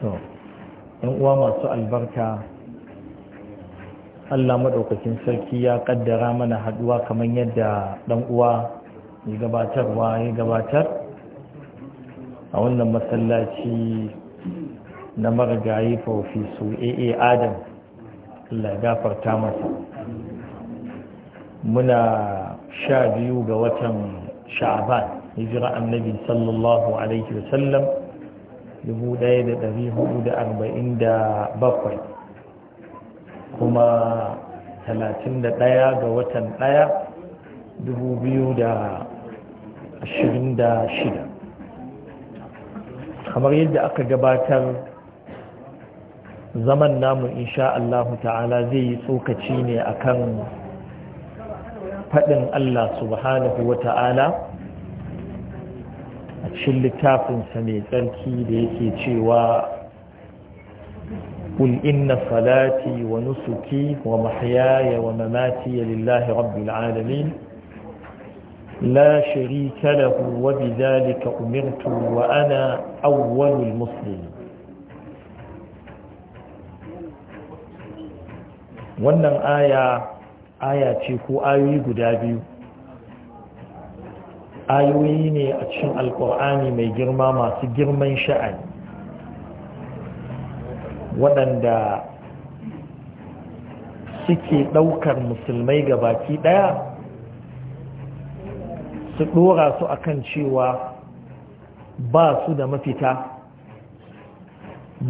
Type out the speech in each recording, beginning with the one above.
yan uwa masu albarka Allah maɗaukakin sarki ya ƙaddara mana haɗuwa kamar yadda ɗan uwa ya gabatarwa ya gabatar a wannan masallaci na marigayi fofisu aa adam Allah gafarta masa muna sha biyu ga watan sha'aban hijira annabi sallallahu alaihi wasallam da arba'in 1447 kuma ɗaya ga watan ɗaya, da da shida. kamar yadda aka gabatar zaman namu insha Allahu ta'ala zai yi tsokaci ne akan faɗin Allah subhanahu wa ta'ala Shin littafinsa mai tsarki da yake cewa kul inna salati wa nusuki wa mahyaya wa mamati lillahi rabbil alamin la sharika lahu wa bidhalika umirtu wa ana awwalul muslimin wannan aya aya ce ko ayoyi guda biyu ayoyi ne a cikin alkur'ani mai girma masu girman sha'ani waɗanda suke ɗaukar musulmai ga baki ɗaya su ɗora su akan cewa ba su da mafita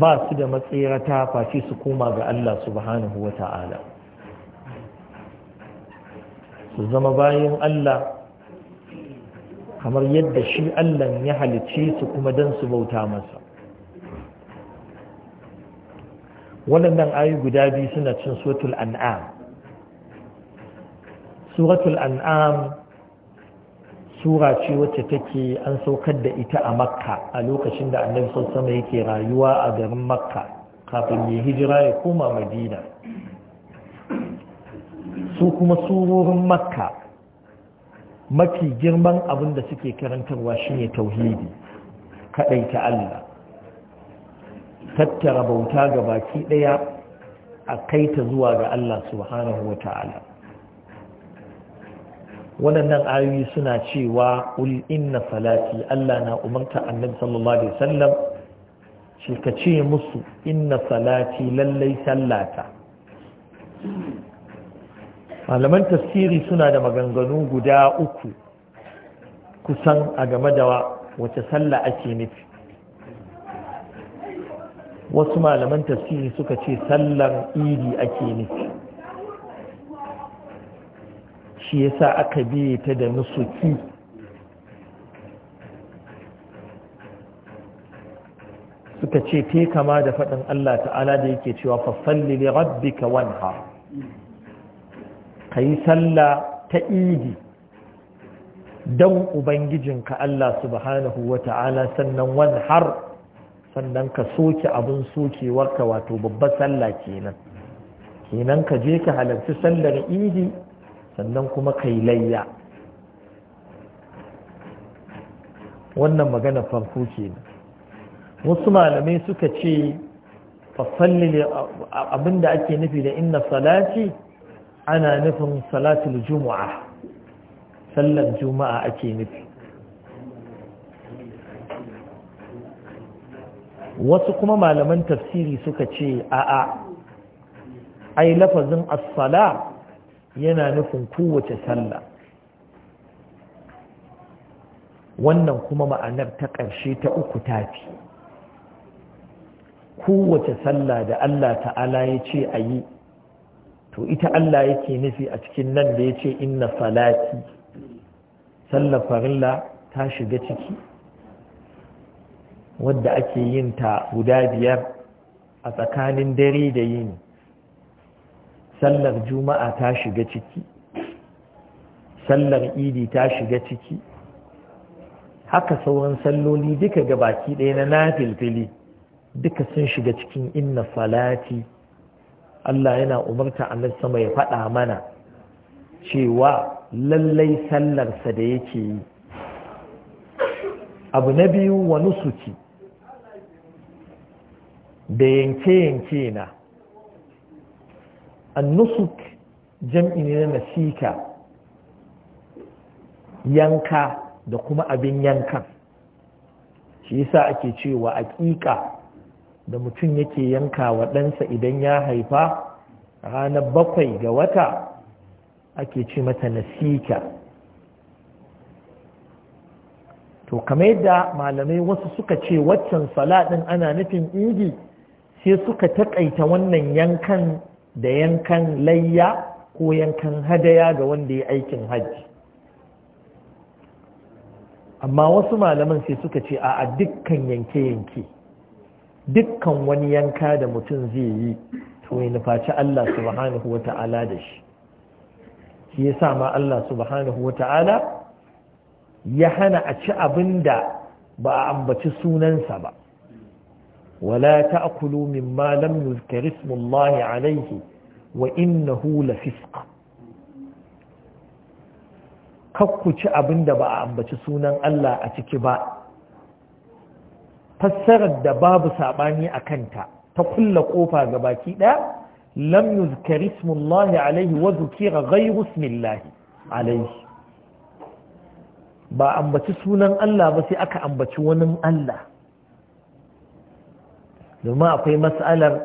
ba su da matsirata face su koma ga Allah subhanahu wa ta'ala su zama bayan Allah kamar yadda shi Allah ya halicce su kuma don su bauta masa waɗannan ayi guda biyu suna cin suratul an'am suratul an'am sura ce wacce take an saukar da ita a makka a lokacin da annabi sama yake rayuwa a garin makka kafin ya hijira ya koma madina su kuma surorin makka mafi girman abin da suke karantarwa shine tauhidi kaɗai ta Allah tattara bauta ga baki ɗaya a kaita zuwa ga Allah subhanahu wa waɗannan ayoyi suna cewa ul inna salati Allah na umarta annabi sallallahu alaihi wasallam shi ka ce musu inna salati lallai sallata malaman tafsiri suna da maganganu guda uku kusan a game da wace sallah ake nufi wasu malaman tafsiri suka ce sallar idi ake nufi shi yasa aka biye ta da nusuki suka ce te kama da faɗin Allah ta'ala da yake cewa fasalli li rabbika wanhar ka yi sallah ta idi don ubangijinka Allah subhanahu wa ta'ala sannan wani har sannan ka soke abin sokewarka wato babbar salla kenan kenan ka je ka halarci sallar idi sannan kuma ka yi layya wannan magana farko kenan wasu malamai suka ce fasalli abinda ake nufi da inna salati ana nufin salatul juma'a sallar juma'a ake nufi wasu kuma malaman tafsiri suka ce a'a ai lafazin as-sala yana nufin kowace sallah wannan kuma ma'anar ta ƙarshe ta uku tafi kowace sallah da Allah ta'ala ya ce a yi to ita Allah yake nufi a cikin nan da ya ce inna salati sallar ta shiga ciki wadda ake yin ta guda biyar a tsakanin dare da yini sallar juma'a ta shiga ciki sallar idi ta shiga ciki haka sauran salloli duka ga baki ɗaya na nafilfili duka sun shiga cikin inna salati Allah yana umarta nan sama ya faɗa mana cewa lallai sallarsa da yake yi abu na biyu wa nusuki da yanke-yanke na annusuk jam'i ne na nasika yanka da kuma abin yankan shi yasa ake cewa aƙiƙa da mutum yake yanka wa ɗansa idan ya haifa ranar bakwai ga wata ake ci mata nasika to kamar yadda malamai wasu suka ce waccan salaɗin ana nufin ingi sai suka taƙaita wannan yankan da yankan layya ko yankan hadaya ga wanda ya aikin hajji amma wasu malaman sai suka ce a dukkan yanke-yanke dukkan wani yanka da mutum zai yi to ya nufaci Allah subhanahu wa ta'ala da shi shi ya sa ma Allah subhanahu wa ta'ala ya hana a ci abin da ba a ambaci sunansa ba wala ta'kulu mimma lam yuzkar ismullahi alayhi wa innahu lafisq kakku ci abin da ba a ambaci sunan Allah a ciki ba fassarar da babu saɓani a kanta ta kulla ƙofa ga baki ɗaya lam yuzkari ismullahi alaihi wa zukira ghairu ismillahi alaihi ba ambaci sunan Allah ba sai aka ambaci wani Allah domin akwai matsalar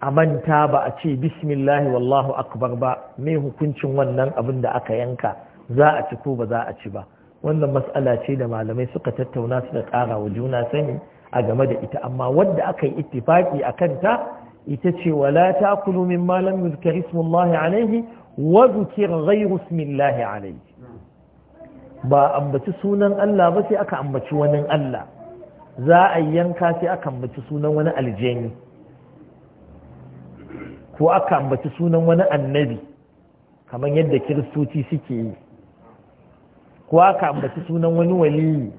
a manta ba a ce bismillahi wallahu akbar ba mai hukuncin wannan abin da aka yanka za a ci ko ba za a ci ba wannan mas'ala ce da malamai suka tattauna suka ƙara wa juna sani a game da ita amma wadda aka yi ittifaki a kanta ita ce wala ta'kulu min malamin yuzkar ismullahi alaihi wa zukir ghayru ismillahi alaihi ba ambaci sunan Allah ba sai aka ambaci wani Allah za a yanka sai aka ambaci sunan wani aljani ko aka ambaci sunan wani annabi kamar yadda kiristoci suke yi ko ka ambaci sunan wani waliyi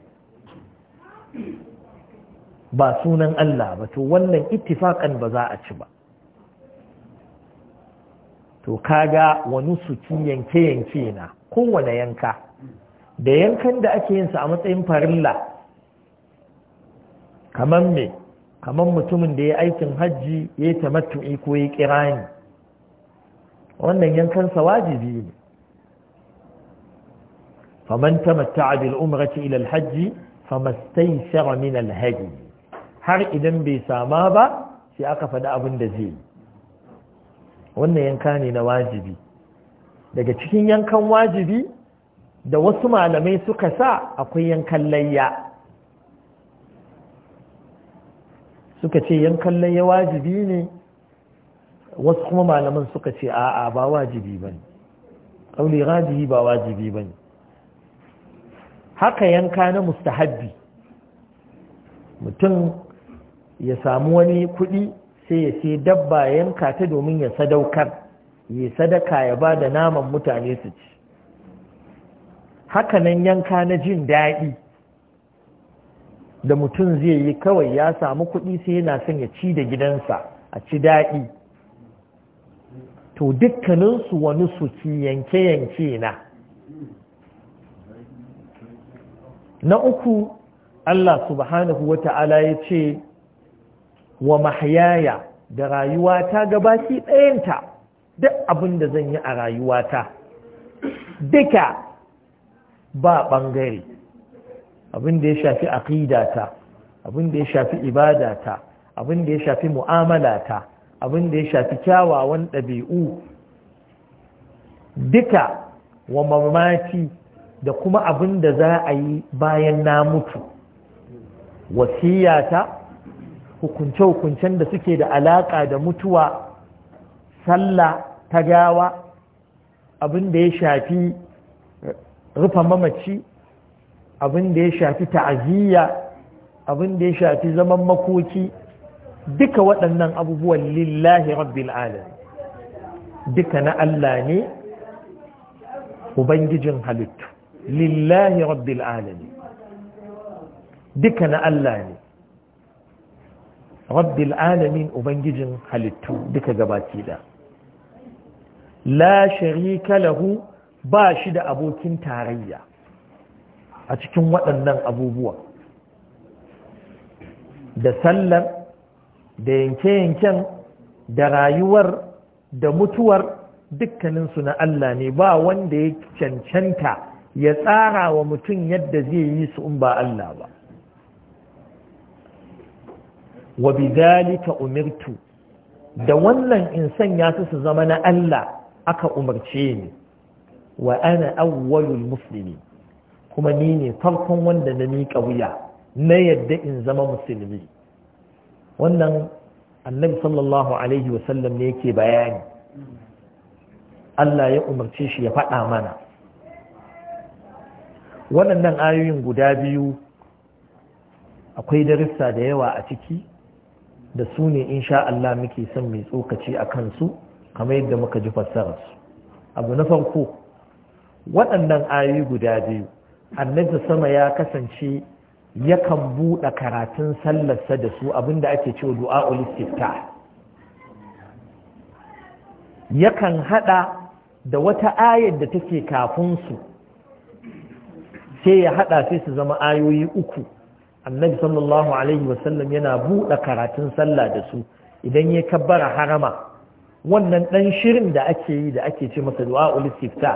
ba sunan Allah ba to wannan ittifaqan ba za a ci ba to kaga wani suki yanke yanke na kowane yanka da yankan da ake yin sa a matsayin farilla kamar me kamar mutumin da ya aikin hajji ya yi tamattu'i ko ya kirani wannan yankansa wajibi ne faman tamatta'a bil umrati ila al hajji famastaysara min al hadi har idan bai sama ba sai aka faɗi abin da zai wannan yanka ne na wajibi daga cikin yankan wajibi da wasu malamai suka sa akwai yankan layya suka ce yankan layya wajibi ne wasu kuma malaman suka ce a'a ba wajibi ba ne ƙauli rajihi ba wajibi ba ne haka yanka na mustahabbi mutum ya samu wani kuɗi sai ya sai dabba yanka ta domin ya sadaukar ya sadaka ya ba da naman mutane su ci haka nan yanka na jin daɗi da mutum zai yi kawai ya samu kuɗi sai yana son ya ci da gidansa a ci daɗi to dukkaninsu wani su suki yanke-yanke na na uku Allah subhanahu wa ta'ala ya ce wa mahyaya da rayuwata gabaki ɗayanta duk abin da zan yi a rayuwata duka ba ɓangare abin da ya shafi aƙidata abin da ya shafi ibadata abin da ya shafi mu'amalata abin da ya shafi kyawawan ɗabi'u duka wa mamaki da kuma abin da za a yi bayan na mutu wasiyata hukunce-hukuncen da suke da alaƙa da mutuwa sallah ta gawa abin da ya shafi rufa mamaci abin da ya shafi ta'aziyya abin da ya shafi zaman makoki duka waɗannan abubuwan lillahi rabbil alam duka na Allah ne ubangijin halittu lillahi rabbil alamin duka na Allah ne rabbil alamin ubangijin halittu duka gabaki da la sharika lahu ba shi da abokin tarayya a cikin waɗannan abubuwa da sallar da yanke-yanken da rayuwar da mutuwar dukkaninsu na Allah ne ba wanda ya cancanta ya tsara wa mutum yadda zai yi su in ba Allah ba wa bidhalika umirtu da wannan in sanya su su zama na Allah aka umarce ni wa ana awwalul muslimi kuma ni ne farkon wanda na miƙa wuya na yadda in zama musulmi wannan annabi sallallahu alaihi wasallam ne yake bayani Allah ya umarce shi ya faɗa mana waɗannan ayoyin guda biyu akwai darussa da yawa a ciki da su ne in sha Allah muke son mai tsokaci a kansu kamar yadda muka ji fassararsu abu na farko waɗannan ayoyi guda biyu annabi sama ya kasance yakan buɗe karatun sallarsa da su abinda ake cewa du'a istiftah yakan hada da wata ayar da take kafin su sai ya haɗa sai su zama ayoyi uku annabi sallallahu alaihi wasallam yana buɗe karatun sallah da su idan ya kabbara harama wannan ɗan shirin da ake yi da ake ce masa du'a ulistifta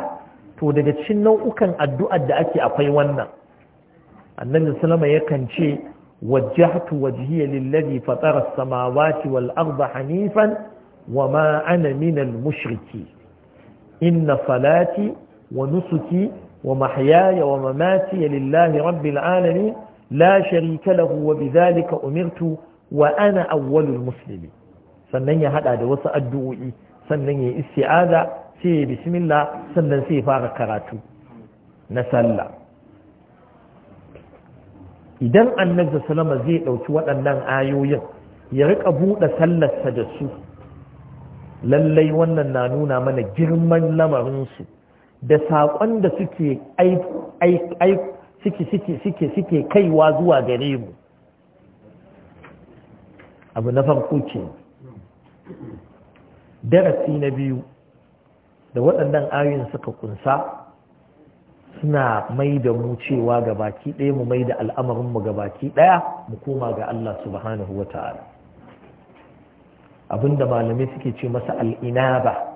to daga cikin nau'ukan addu'ar da ake akwai wannan annabi sallama yakan ce wajjahtu wajhiya lillazi fatara samawati wal arda hanifan ma ana minal mushriki inna salati wa nusuki ومحياي ومماتي لله رب العالمين لا شريك له وبذلك أمرت وأنا أول المسلمين sannan ya hada da wasu addu'o'i sannan ya isti'aza sai ya bismillah sannan sai ya fara karatu na sallah idan annabi salama zai ɗauki waɗannan ayoyin ya riƙa buɗe sallarsa da su lallai wannan na nuna mana girman lamarinsu da saƙon da suke suke suke kaiwa zuwa gare mu abu na farko ce darasi na biyu da waɗannan ayoyin suka kunsa suna mai da mu cewa ga baki ɗaya mu mai da al'amarinmu ga baki ɗaya mu koma ga Allah subhanahu wa ta'ala abinda malamai suke ce masa al'inaba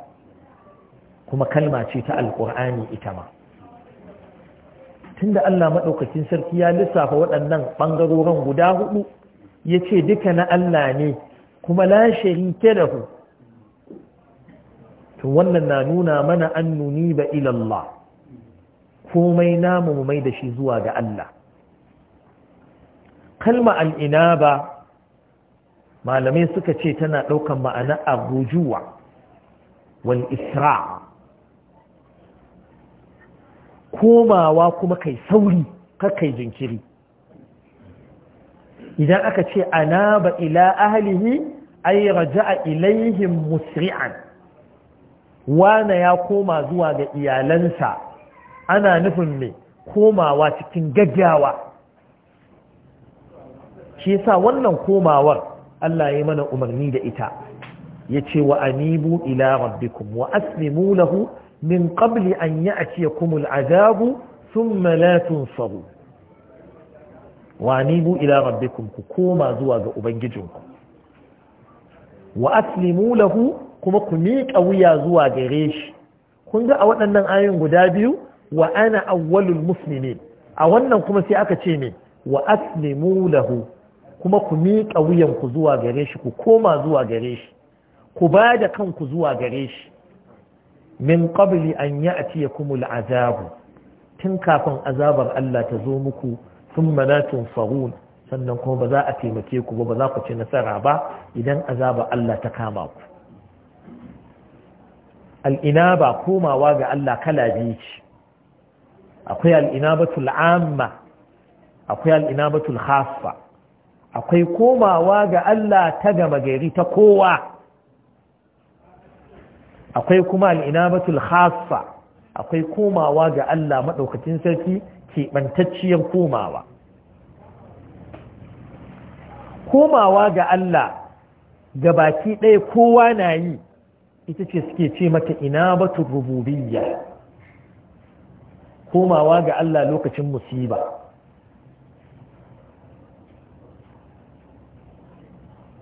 kuma kalma ce ta alƙur'ani ita ma tunda Allah maɗaukakin sarki ya lissafa waɗannan ɓangarorin guda hudu ya ce duka na Allah ne kuma lashe sharike da ku to wannan na nuna mana an nuni ba ilallah komai namu mu mai da shi zuwa ga Allah kalma al'ina ba malamai suka ce tana ɗaukan ma'ana a gujuwa wal isra'a. komawa kuma kai sauri kai jinkiri idan aka ce ana ba ila ahlihi Raja a ilaihim musri'an wana ya koma zuwa ga iyalansa ana nufin me komawa cikin gaggawa shi yasa wannan komawar Allah ya yi mana umarni da ita yace wa anibu ila rabbikum wa aslimu lahu min qabli an ya'tiyakum al'adabu sun malatun tunsaru wa anibu ila rabbikum ku koma zuwa ga ubangijinku wa aslimu lahu kuma ku miƙa wuya zuwa gare shi kun ga a waɗannan ayoyin guda biyu wa ana awwalul muslimin a wannan kuma sai aka ce me wa aslimu lahu kuma ku miƙa wuyanku zuwa gare shi ku koma zuwa gare shi ku ba da kanku zuwa gare shi min qabli an ya'tiyakum al'azab tun kafin azabar Allah ta zo muku thumma la tunsarun sannan kuma ba za a taimake ku ba ba za ku ci nasara ba idan azabar Allah ta kama ku ba komawa ga Allah kala ce akwai al'inabatul amma akwai al'inabatul khaffa akwai komawa ga Allah ta gama gari ta kowa akwai kuma al'inabatul khassa akwai komawa ga Allah maɗaukacin sarki keɓantacciyar komawa komawa ga Allah ga baki ɗaya kowa na yi ita ce suke ce mata inabatul rububiyya komawa ga Allah lokacin musiba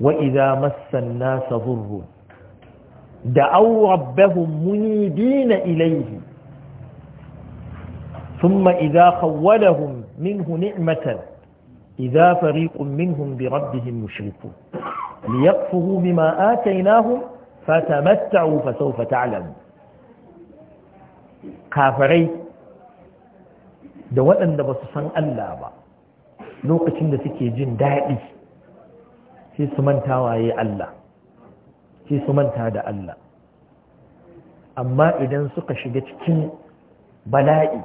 wa idza massa nasa da'aw rabbahum munidina ilayhi thumma idha khawwalahum minhu ni'matan idha fariqun minhum bi rabbihim mushrikun liyaqfuhu bima atainahum fatamatta'u fasawfa ta'lam kafirai da waɗanda ba su san Allah ba lokacin da suke jin daɗi sai su manta waye Allah sai su manta da Allah amma idan suka shiga cikin bala'i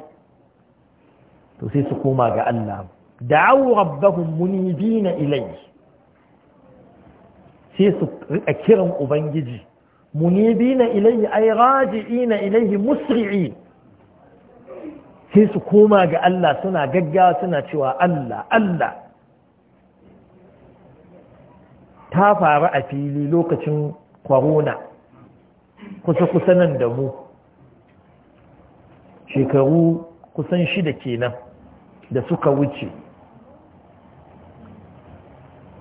to sai su koma ga Allah muni rabbahum munibina ilayhi sai su rika kiran ubangiji munibina ilayhi ay raji'ina ilayhi musri'i sai su koma ga Allah suna gaggawa suna cewa Allah Allah ta faru a fili lokacin Kwaruna kusa-kusa nan da mu shekaru kusan shida kenan da suka wuce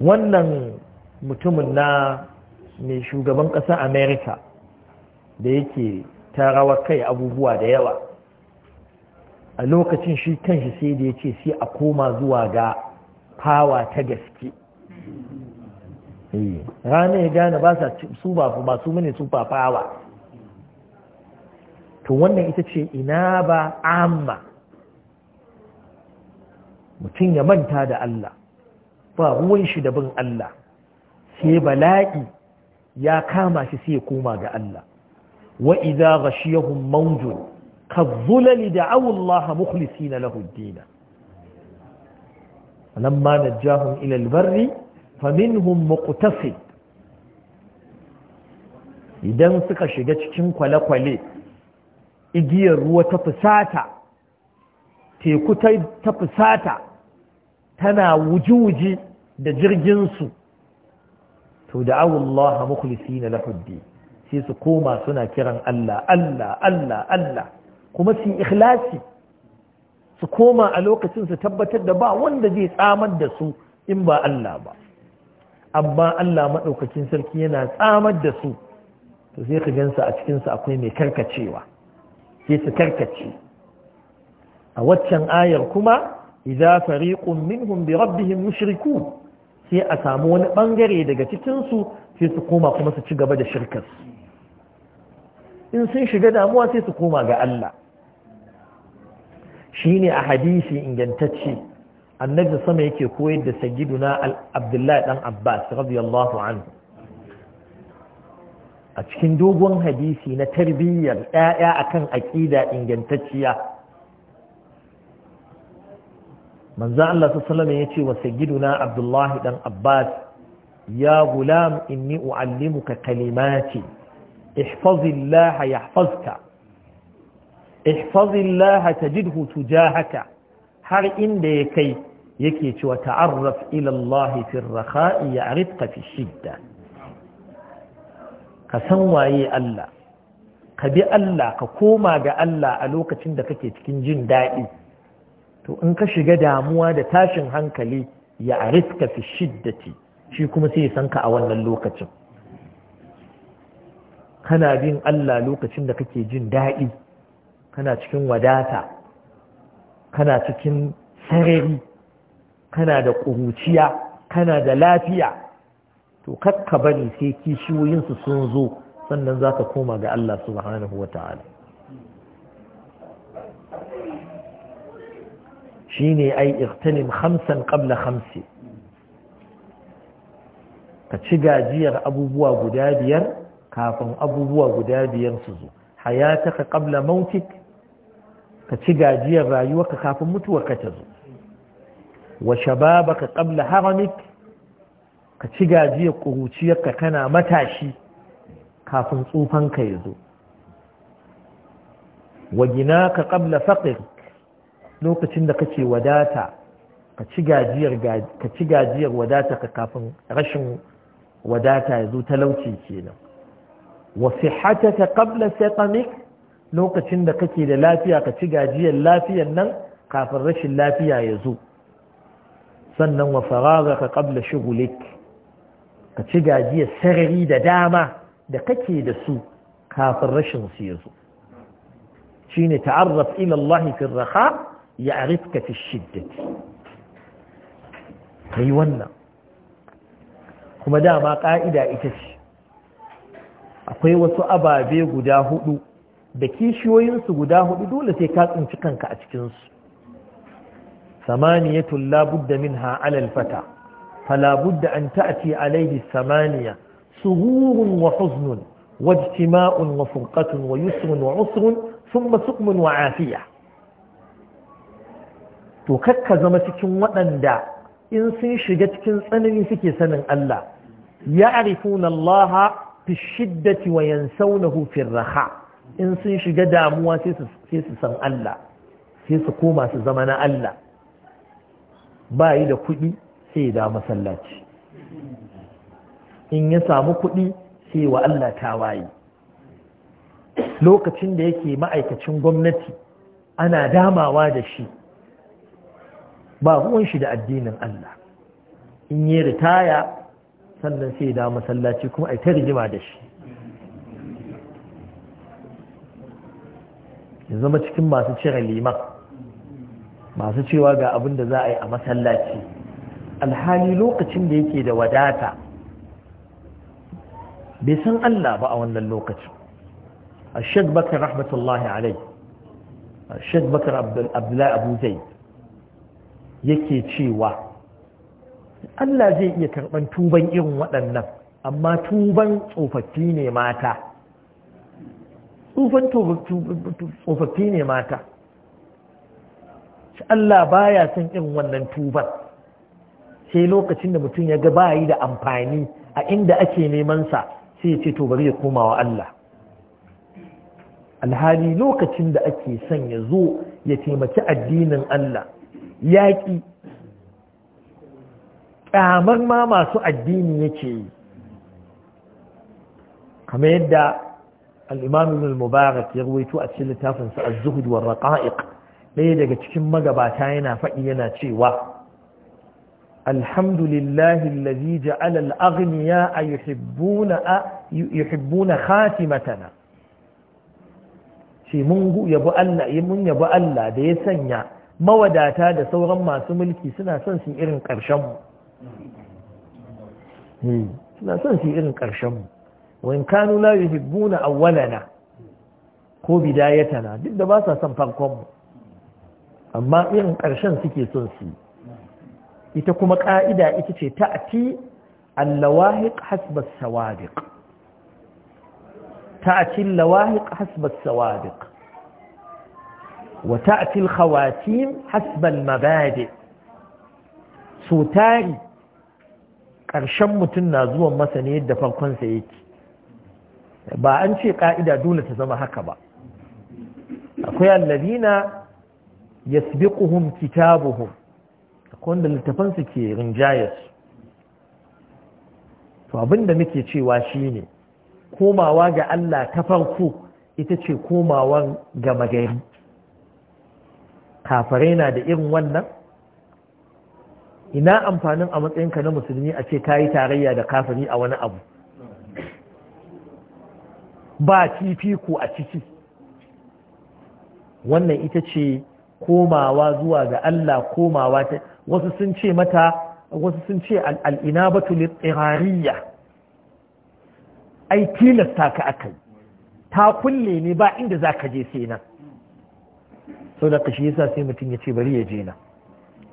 wannan mutumin na mai shugaban ƙasar Amerika da yake tarawa kai abubuwa da yawa a lokacin shi kanshi sai da ya ce sai a koma zuwa ga fawa ta gaske Eh, rana ya gane ba sa su ba ba su su to wannan ita ce ina ba amma mutum ya manta da Allah ba ruwan shi da bin Allah sai bala'i ya kama shi sai ya koma ga Allah wa idza ghashiyahum mawjun kadhulali da Allah mukhlisina lahu ad-din lamma najahum ila barri faminhum muqtasid idan suka shiga cikin kwale-kwale igiyar ruwa ta fusata teku ta fusata tana wuji-wuji da jirginsu to da Allah mukhlisi na lahuddi sai su koma suna kiran Allah Allah Allah Allah kuma su ikhlasi su koma a lokacin su tabbatar da ba wanda zai tsamar da su in ba Allah ba amma Allah maɗaukakin sarki yana tsamar da su to sai ka gansa a cikinsu akwai mai karkacewa sai su karkace a waccan ayar kuma idza fariqun minhum bi rabbihim mushriku sai a samu wani bangare daga cikin su sai su koma kuma su ci gaba da shirkar in sun shiga damuwa sai su koma ga Allah shine a hadisi ingantacce annabi sama yake koyar da sayyiduna abdullahi dan abbas radiyallahu anhu a cikin dogon hadisi na tarbiyyar ƴaƴa akan aƙida ingantacciya manzo Allah sallallahu alaihi yace wa sayyiduna abdullahi dan abbas ya gulam inni uallimuka kalimati ihfazillaha yahfazka ihfazillaha tajidhu tujahaka har inda ya kai yake cewa ta'arraf ilallahi Allah fi rakha'i fi shidda ka san waye Allah ka bi Allah ka koma ga Allah a lokacin da kake cikin jin daɗi to in ka shiga damuwa da tashin hankali ya'rifka fi shiddati shi kuma sai ya san ka a wannan lokacin kana bin Allah lokacin da kake jin daɗi kana cikin wadata kana cikin sarari kana da ƙuruciya kana da lafiya to kakka bari sai kishiyoyinsu sun zo sannan za ka koma ga Allah subhanahu wa ta'ala shi ne ai irtanim hamsan ƙabla hamsi ka ci gajiyar abubuwa guda biyar kafin abubuwa guda biyar su zo hayataka ƙabla mautik ka ci gajiyar rayuwarka kafin mutuwarka ta zo wa shababaka qabla haramik ka ci gajiyar ƙuruciyarka kana matashi kafin tsufanka ya zo wa ginaka qabla faqir lokacin da kake wadata ka ci gajiyar ka ci wadata ka kafin rashin wadata ya zo talauci kenan wa sihhataka qabla saqamik lokacin da kake da lafiya ka ci gajiyar lafiyar nan kafin rashin lafiya ya zo sannan wa ka ƙabla shugulik ka ci gajiyar sarari da dama da kake da su kafin rashin su ya zo shine ta'arraf ilallahi Allah fi raha ya'rifka fi shiddati kai wannan kuma dama ka'ida ita ce akwai wasu ababe guda hudu da kishiyoyinsu guda huɗu, dole sai ka tsinci kanka a cikinsu samaniya tulla budda min ha'alal fata fala budda an ta'ati alaihi samaniya suhurun wa huznun wa jima'un wa furqatun wa yusrun wa usrun sun ba sukmun wa afiya to kakka zama cikin waɗanda in sun shiga cikin tsanani suke sanin Allah ya arifunan Allah fi shiddati wa yansaunahu fi in sun shiga damuwa sai su san Allah sai su koma su zama na Allah ba yi da kuɗi sai da masallaci in ya samu kuɗi sai wa Allah ta waye. lokacin da yake ma'aikacin gwamnati ana damawa da shi ba shi da addinin Allah in yi ritaya sannan sai da masallaci kuma ai ta rigima da shi ya zama cikin masu cire liman masu cewa ga abin da za a yi a masallaci alhali lokacin da yake da wadata bai san Allah ba a wannan lokacin الشيخ بكر Rahmatullahi الله عليه الشيخ Abdullahi عبد الله yake cewa Allah zai iya karɓan tuban irin waɗannan amma tuban tsofaffi ne mata tsufan tsofaffi ne mata shi Allah baya son irin wannan tuban sai lokacin da mutum ya ga yi da amfani a inda ake neman sa sai ya ce to bari ya koma wa Allah alhali lokacin da ake son ya zo ya taimaki addinin Allah yaƙi ƙyamar ma masu addini yake yi kamar yadda al al-mubarak ya ruwaito a cikin littafin su az-zuhd wa raqa'iq ɗaya daga cikin magabata yana faɗi yana cewa alhamdulillahi allazi ja'ala al-aghniya yuhibbuna yuhibbuna khatimatana shi mun yabo Allah Allah da ya sanya mawadata da sauran masu mulki suna son su irin irin ƙarshen mu wa in kanu la yuhibbuna ko bidayatana duk da ba sa son farkonmu, amma irin ƙarshen suke son su ita kuma ƙa'ida ita ce ta ati allawahiq hasbas sawabiq ta'ati allawahiq hasbas wa ta'ati alkhawatim hasbal mabadi so tari ƙarshen mutum na zuwan masa ne yadda farkonsa yake ba an ce ka'ida dole ta zama haka ba akwai allazina yasbiquhum kitabuhum akwai littafan su ke su to abinda muke cewa shine komawa ga Allah ta farko ita ce komawan gama gari kafare na da irin wannan ina amfanin a matsayinka na musulmi a ce ka tarayya da kafiri a wani abu ba ko a ciki wannan ita ce komawa zuwa ga Allah komawa ta wasu sun ce mata wasu sun ce al'inabatu litsirariya ai tilasta ka aka yi ta kulle ne ba inda za ka je sai nan sau da kashi yasa sai mutum ya ce bari ya je nan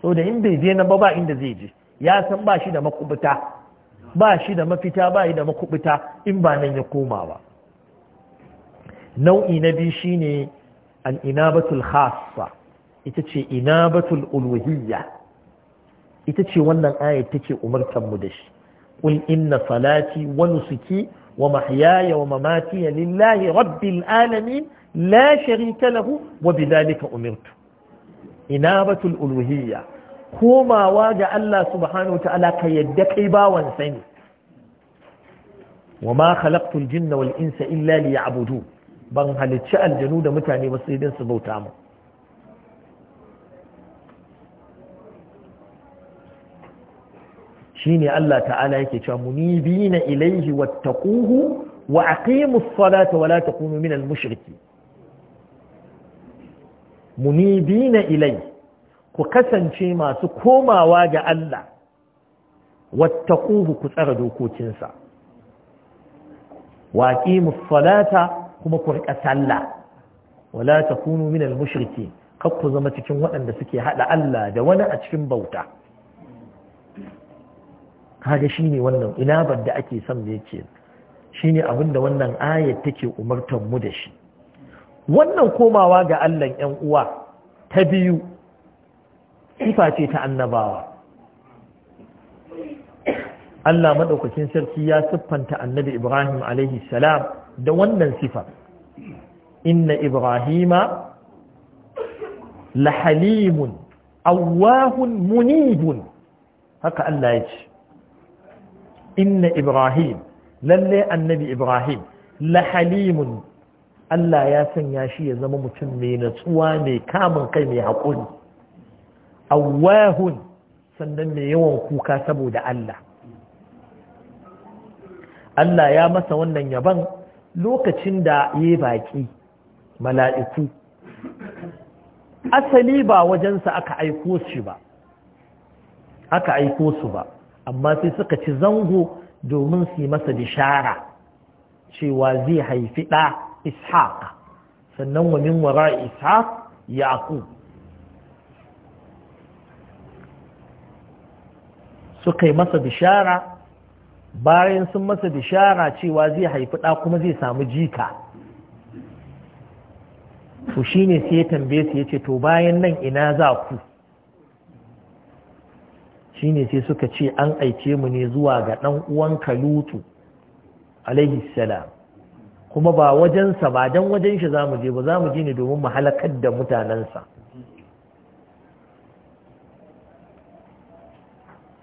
sau da in bai je nan ba ba inda zai je ya san ba shi da makubuta ba shi da mafita ba shi da makubuta in ba nan ya komawa. ba nau'i na biyu shine al batul khassa ita ce inabatul uluhiyya ita ce wannan ayat take umartar mu da shi qul inna salati wa nusuki wa mahyaya wa mamatiya lillahi rabbil alamin la sharika lahu wa bidhalika umirtu inabatul uluhiyya komawa ga Allah subhanahu ta'ala ka yadda kai bawan sani wa ma khalaqtul jinna wal insa illa liya'budun ban halicci aljanu da mutane ba sai su bauta mu shine Allah ta'ala yake cewa munibina ilaihi wattaquhu wa aqimus salata wa la takunu minal mushriki munibina ilai ku kasance masu komawa ga Allah wattaquhu ku tsara dokokinsa wa aqimus salata kuma ku riƙa sallah wala takunu min al-mushriki kar ku zama cikin waɗanda suke haɗa Allah da wani a cikin bauta kaga shine wannan ina da ake son da yake shine abinda da wannan ayat take umartar mu da shi wannan komawa ga Allah ƴan uwa ta biyu sifa ce ta annabawa Allah madaukakin sarki ya siffanta annabi Ibrahim alaihi salam da wannan sifan, inna ibrahima lahalimun awahun munibun haka Allah ya ce inna ibrahim lalle annabi ibrahim lahalimun Allah ya sanya shi ya zama mutum mai natsuwa mai kamun kai mai haƙuri awahun sannan mai yawan kuka saboda Allah Allah ya masa wannan yaban lokacin da ya yi baƙi mala'iku asali ba wajensa aka aiko shi ba aka aiko su ba amma sai suka ci zango domin su yi masa bishara cewa zai haifi ɗa ishaq sannan wa min wara ishaq ya aku suka yi masa bishara bayan sun masa bishara cewa zai haifi ɗa kuma zai samu jika to ne sai ya tambaye su ya ce to bayan nan ina za ku ne sai suka ce an aice mu ne zuwa ga ɗan uwan kalutu alaihi kuma ba wajensa ba don wajen shi za mu je ba za mu je ne domin mu halakar da mutanensa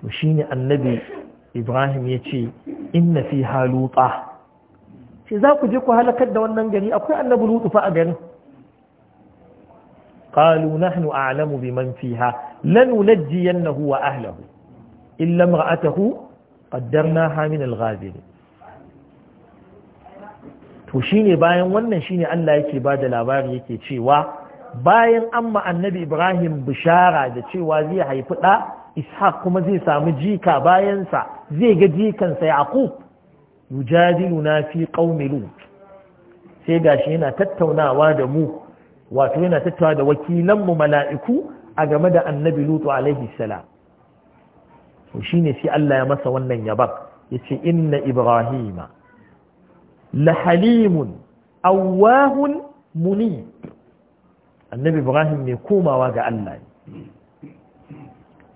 to ne annabi ibrahim ya ce inna fi haluta ce za ku je ku halakar da wannan gari akwai annabi lutu fa a garin qalu jiyan a'lamu huwa fiha In lamar a illa imra'atahu qaddarnaha min al-ghabirin to shine bayan wannan shine Allah yake ba da labari yake cewa bayan amma annabi Ibrahim bishara da cewa zai haifi ɗa Ishaq kuma zai samu jika bayansa zai ga jikansa yaqub yujadiluna fi qaumi lut sai gashi yana tattaunawa da mu wato yana tattaunawa da wakilan mu mala'iku a game da annabi lutu alaihi salam to shine sai Allah ya masa wannan yabar yace inna ibrahima Lahalimun, halimun awwahun annabi ibrahim mai komawa ga Allah ne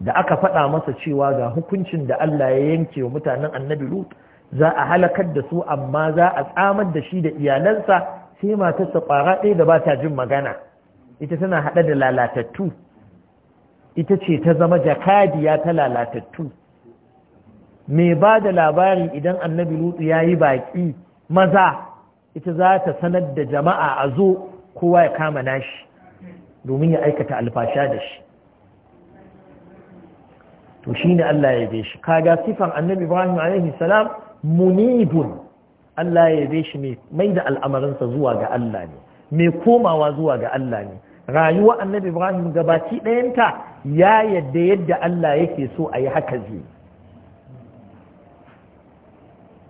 da aka faɗa masa cewa ga hukuncin da Allah ya yanke wa mutanen annabi Lut za a halakar da su amma za a tsamar da shi da iyalansa sai matarsa ƙwara ɗaya da ba ta jin magana ita tana haɗa da lalatattu ita ce ta zama jakadiya ta lalatattu Me ba da labari idan annabi Lutu ya yi baƙi maza ita za ta sanar da jama'a a zo kowa ya kama nashi domin ya aikata alfasha da shi to shi ne Allah ya yabe shi kaga sifan annabi Ibrahim alaihi salam munibun Allah ya yabe shi mai mai da al'amarinsa zuwa ga Allah ne mai komawa zuwa ga Allah ne rayuwa annabi Ibrahim gabaci ɗayanta ya yadda yadda Allah yake so a yi haka zai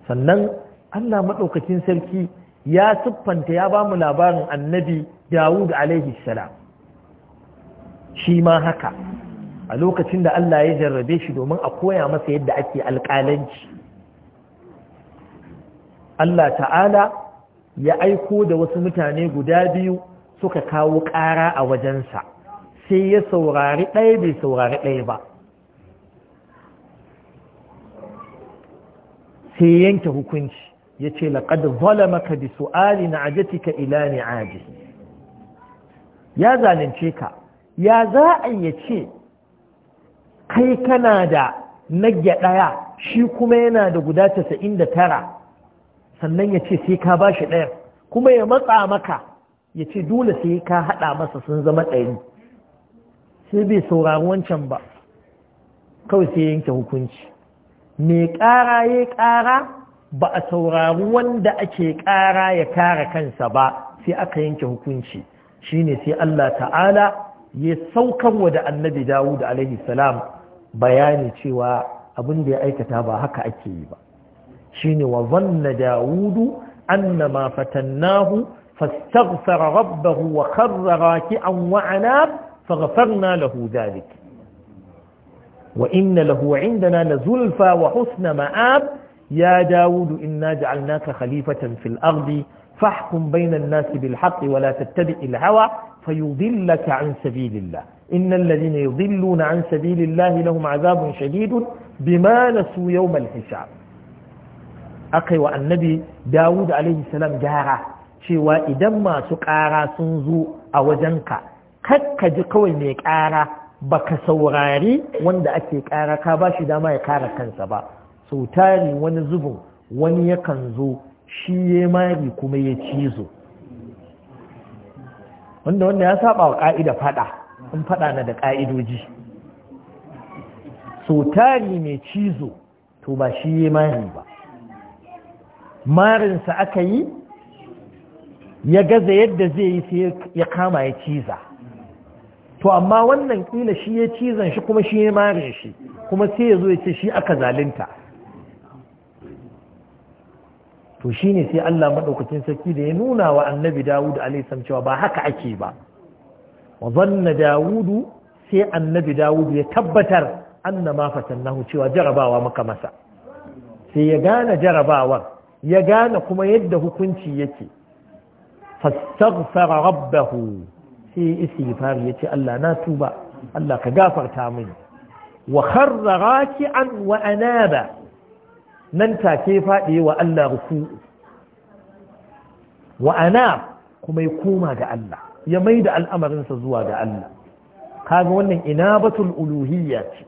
sannan Allah maɗaukakin sarki ya siffanta ya ba mu labarin annabi Dawud alaihi salam shi ma haka a lokacin da Allah ya jarrabe shi domin a koya masa yadda ake alƙalanci Allah ta'ala ya aiko da wasu mutane guda biyu suka kawo ƙara a wajensa sai ya saurari ɗaya bai saurari ɗaya ba sai yanke hukunci ya ce laƙad maka bi su'ali na ka ila ne aji ya zalunce ka ya za a ya ce kai kana da nagya ɗaya shi kuma yana da guda casa'in da tara sannan ya ce sai ka ba shi ɗaya. kuma ya matsa maka ya ce dole sai ka haɗa masa sun zama ɗari sai bai saurari wancan ba kawai sai yanke hukunci mai ƙara ya ƙara ba a saurari wanda ake ƙara ya kare kansa ba sai aka yanke hukunci shine sai Allah ta'ala ya saukan wa da annabi dawud alaihi salam bayani cewa abin da ya aikata ba haka ake yi ba shine wa zanna dawudu annama fatannahu fastaghfara rabbahu wa kharra ki wa anab faghfarna lahu dhalik wa inna lahu na la zulfa wa husna ma'ab ya dawudu inna ja'alnaka khalifatan fil ardi fahkum bayna an-nasi bil haqqi wa tattabi' al-hawa فيضلك عن سبيل الله إن الذين يضلون عن سبيل الله لهم عذاب شديد بما نسوا يوم الحساب أقي والنبي داود عليه السلام جارة شوى إذا ما سقارا سنزو أوجنك كك جقوي ميك آرا baka saurari wanda ake kara ka ba shi dama ya kara kansa ba sau tari wani zubin wani yakan zo shi ya mari kuma ya cizo wanda wanda ya saba wa ka'ida fada in fada na da ƙa'idoji, so tari mai cizo to ba shi ya mari ba marinsa aka yi ya gaza yadda zai yi sai ya kama ya ciza to amma wannan ƙila shi ya cizon shi kuma shi ya marin shi kuma sai ya zo ya ce shi aka zalunta to shine sai Allah maɗaukacin sarki da ya nuna wa annabi Dawud alaihi cewa ba haka ake ba wa zanna sai annabi Dawud ya tabbatar anna ma fatannahu cewa jarabawa maka masa sai ya gane jarabawar ya gane kuma yadda hukunci yake fastaghfara rabbahu sai ya yace Allah na tuba Allah ka gafarta min wa kharra raki'an wa anaba nan take faɗi wa Allah ruku wa ana kuma ya koma ga Allah ya mai da al'amarinsa zuwa ga Allah kaga wannan ina batul uluhiyya ce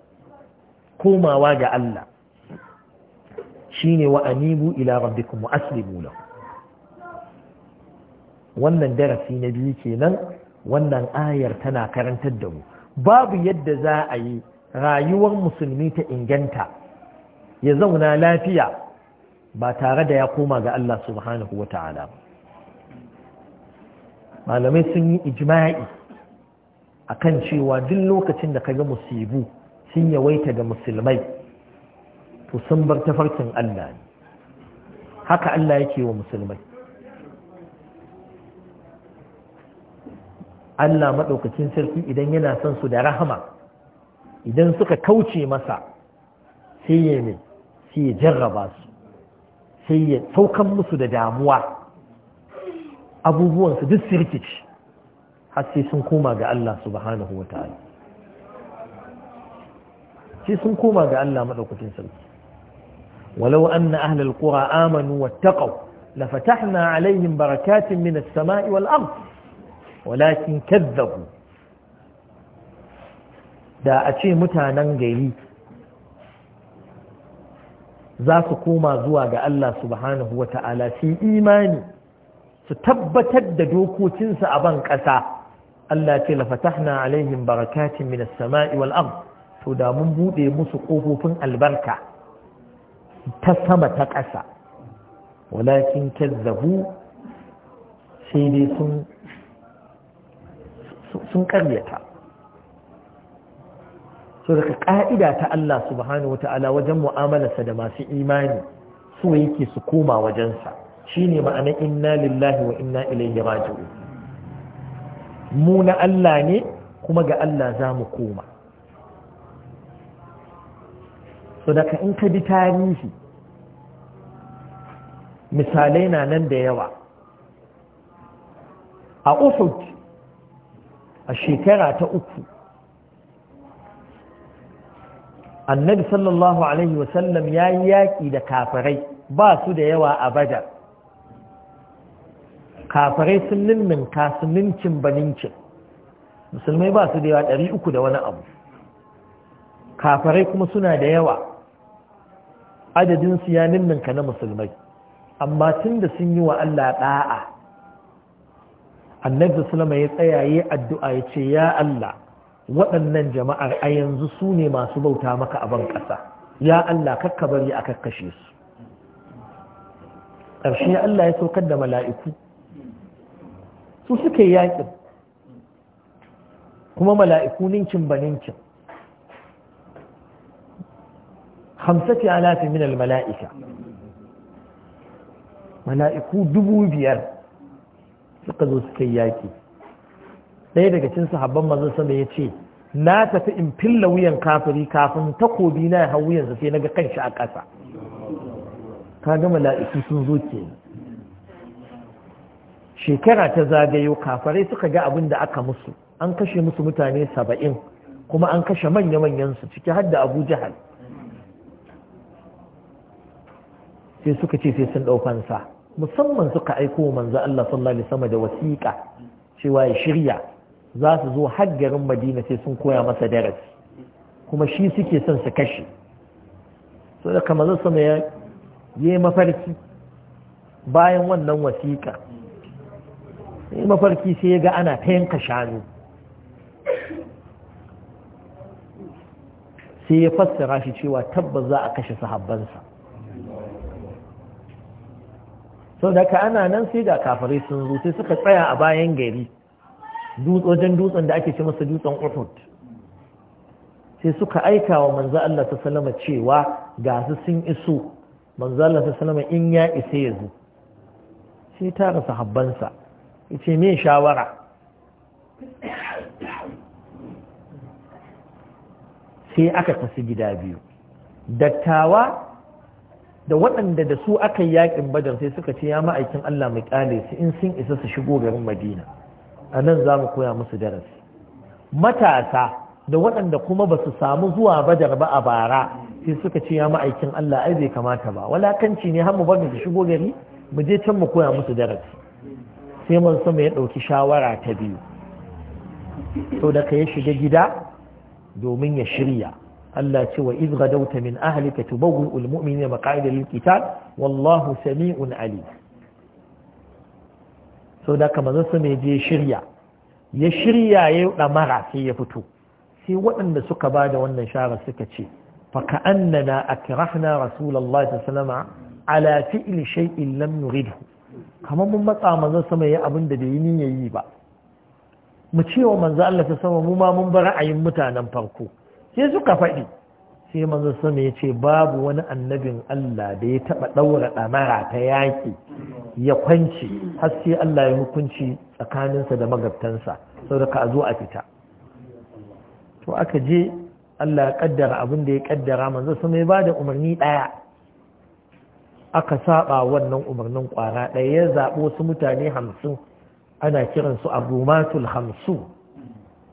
komawa ga Allah shine wa anibu ila rabbikum wa aslimu lahu wannan darasi na biyu kenan wannan ayar tana karantar da mu babu yadda za a yi rayuwar musulmi ta inganta ya zauna lafiya ba tare da ya koma ga Allah subhanahu wa ta'ala malamai sun yi ijma'i kan cewa duk lokacin da ka kaga musibu sun yawaita ga musulmai to sun bar tafarkin Allah ne haka Allah yake wa musulmai Allah maɗaukacin sarki idan yana son su da rahama idan suka kauce masa sai ya ne sai ya jarraba su sai ya saukan musu da damuwa abubuwansu duk su rikici har sai sun koma ga Allah subhanahu wa ta'ala sai sun koma ga Allah maɗaukacin sarki walau anna ahlal qura amanu wattaqaw lafatahna alaihim barakatin min as-sama'i wal ard walakin kadzabu da a ce mutanen gari za su koma zuwa ga Allah subhanahu wa ta'ala su imani su tabbatar da dokokinsa a ban ƙasa Allah ce lafatahna alaihim barakatin minas sama'i wal ard to da mun buɗe musu ƙofofin albarka ta sama ta ƙasa walakin kazzabu sai dai sun sun karyata so daga ƙa'ida ta Allah subhanahu wa ta'ala wajen mu'amalarsa da masu imani su yake su koma wajensa shine ma'ana inna lillahi wa inna ilaihi raji'un mu na Allah ne kuma ga Allah za mu koma so daga in ka bi tarihi misalai na nan da yawa a Uhud a shekara ta uku annabi sallallahu alaihi wasallam ya yi yaƙi da kafirai ba su da yawa a Bada. kafirai sun nimmin ba banincin musulmai ba su da yawa ɗari uku da wani abu kafirai kuma suna da yawa adadinsu ya ninninka na musulmai amma tun da sun yi wa Allah ɗa'a annabi salama ya tsayaye addu'a ya ce ya Allah waɗannan jama'ar a yanzu su ne masu bauta maka a ban ƙasa ya Allah kakka bari a kakkashe su ƙarshe Allah ya saukar da mala'iku su suke yaƙin kuma mala'iku ninkin ba ninkin hamsati alafi minal mala'ika mala'iku dubu biyar suka zo suke yaƙi ɗaya daga cikin sahabban manzon sama ya ce na tafi in filla wuyan kafiri kafin takobi na ya hau wuyan sai na ga kanshi a ƙasa ka ga mala'iku sun zo ke shekara ta zagayo kafarai suka ga abin da aka musu an kashe musu mutane saba'in kuma an kashe manya-manyan su ciki har da abu jihar sai suka ce sai sun ɗaukansa musamman suka aiko manzo Allah sallallahu alaihi wasallam da wasiƙa cewa ya shirya za su zo har madina sai sun koya masa darasi kuma shi suke son su kashe so da kamar sama ya yi mafarki bayan wannan wasiƙa yi mafarki sai ya ga ana ta yanka shanu sai ya fassara shi cewa tabbas za a kashe sahabbansa sau da ka ana nan sai da kafirai sun zo sai suka tsaya a bayan gari wajen dutsen da ake ce masa dutsen uhud sai suka aika wa manzo Allah ta salama cewa ga su sun iso manzo Allah ta salama in ya isa ya zo sai tara sahabbansa ya ce me shawara sai aka kasu gida biyu dattawa da waɗanda da su aka yi yaƙin badar sai suka ce ya ma'aikin Allah mai ƙale su in sun isa su shigo garin madina a nan za mu koya musu darasi matasa da waɗanda kuma ba su samu zuwa badar ba a bara sai suka ce ya ma'aikin Allah ai bai kamata ba walakanci ne har mu bar su shigo gari mu je can mu koya musu darasi sai mun sama ya ɗauki shawara ta biyu to da ka ya shiga gida domin ya shirya Allah ce wa iz gadauta min ahlika tubawwi'ul mu'minina maqa'ida lil qital wallahu sami'un alim sau da kamar su mai je shirya ya shirya ya ɗamara sai ya fito sai waɗanda suka ba da wannan shara suka ce faka annana akrahna rasulullahi sallallahu ala fi'li shay'in lam nuridhu kamar mun matsa manzon sama yi abin da bai yi niyyar yi ba mu ce wa manzo Allah ta sama mu ma mun bar ra'ayin mutanen farko sai suka faɗi sai manzo sama ya ce babu wani annabin Allah da ya taɓa ɗaura ɗamara ta yaƙi ya kwanci har sai Allah ya hukunci tsakaninsa da magabtansa saboda ka zo a fita to aka je Allah ya kaddara abin da ya kaddara manzo sama ya bada umarni ɗaya aka saba wannan umarnin kwara ɗaya ya zaɓi wasu mutane hamsin ana kiransu abumatul hamsu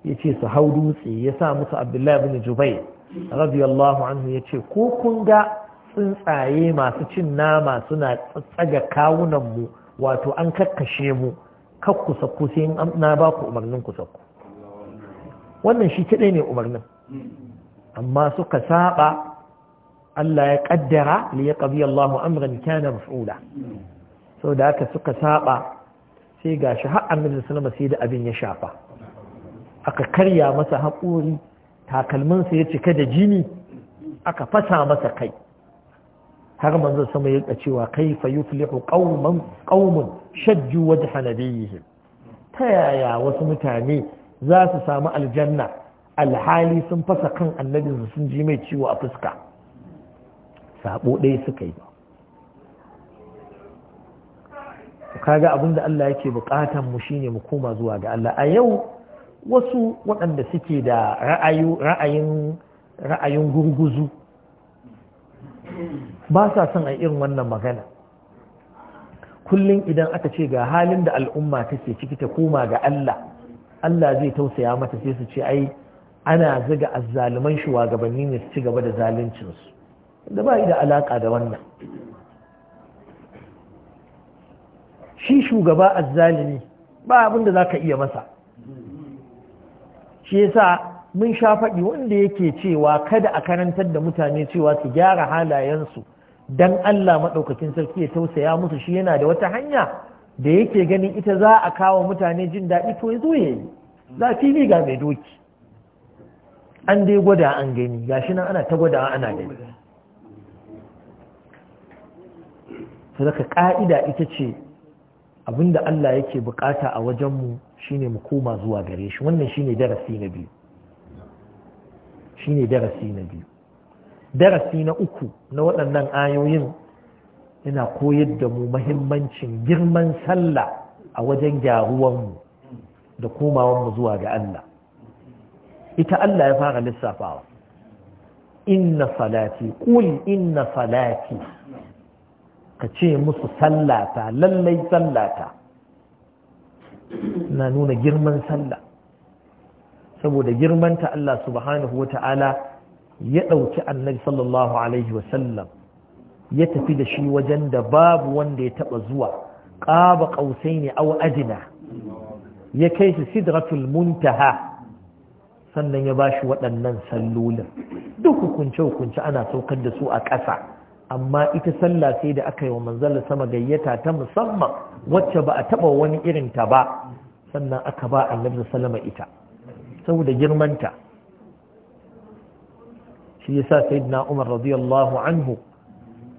ya ce su hau dutse ya sa musu abdullahi bin jubair radiyallahu anhu ya ce ko kun ga tsuntsaye masu cin nama suna tsaga mu wato an kakkashe mu kak ku sakku sai na ba ku umarnin ku sakku wannan shi kaɗai ne umarnin amma suka saba Allah ya kaddara li ya qabi Allahu amran kana so da haka suka saba sai gashi har annabi sallallahu alaihi wasallam sai da abin ya shafa aka karya masa haƙuri takalminsa ya cika da jini aka fasa masa kai har manzo sama ya ka cewa kaifa yuflihu qauman qaumun shajju wajha nabiyihim ta yaya wasu mutane za su samu aljanna alhali sun fasa kan annabinsu sun ji mai ciwo a fuska sabo ɗaya suka yi kaga abinda Allah yake bukatan mu shine mu koma zuwa ga Allah a yau wasu waɗanda suke da ra'ayin gurguzu ba sa son a irin wannan magana kullum idan aka ce ga halin da al'umma take ciki ta koma ga Allah Allah zai tausaya mata sai su ce ai ana zaga azzaluman shugabanni ne su ci gaba da zaluncinsu da ba da alaka da wannan shi shugaba azzalimi ba abin za ka iya masa shi yasa mun sha faɗi wanda yake cewa kada a karantar da mutane cewa su gyara halayensu dan Allah maɗaukakin sarki ya tausaya musu shi yana da wata hanya da yake ganin ita za a kawo mutane jin daɗi to zo ya yi za fili ga mai doki an dai gwada an gani shi nan ana ta gwada ana gani sadaka ƙa'ida ita ce abinda Allah yake bukata a wajenmu shine mu koma zuwa gare shi wannan shine darasi na biyu shine darasi na biyu darasi na uku na waɗannan ayoyin yana koyar da mu mahimmancin girman sallah a wajen gyaruwanmu da komawanmu zuwa ga Allah ita Allah ya fara lissafawa inna salati qul inna salati ka ce musu sallata lallai sallata na nuna girman sallah saboda girmanta Allah subhanahu wa ta'ala ya ɗauki annabi sallallahu alaihi wasallam ya tafi da shi wajen da babu wanda ya taɓa zuwa ƙaba ƙausai ne au adina ya kai shi sidratul muntaha sannan ya ba shi waɗannan sallolin duk hukunce-hukunce ana saukar da su a ƙasa amma ita sallah sai da aka yi wa manzala sama gayyata ta musamman wacce ba a taba wani irin ta ba sannan aka ba annabi sallama ita saboda girmanta shi yasa sayyidina Umar radiyallahu anhu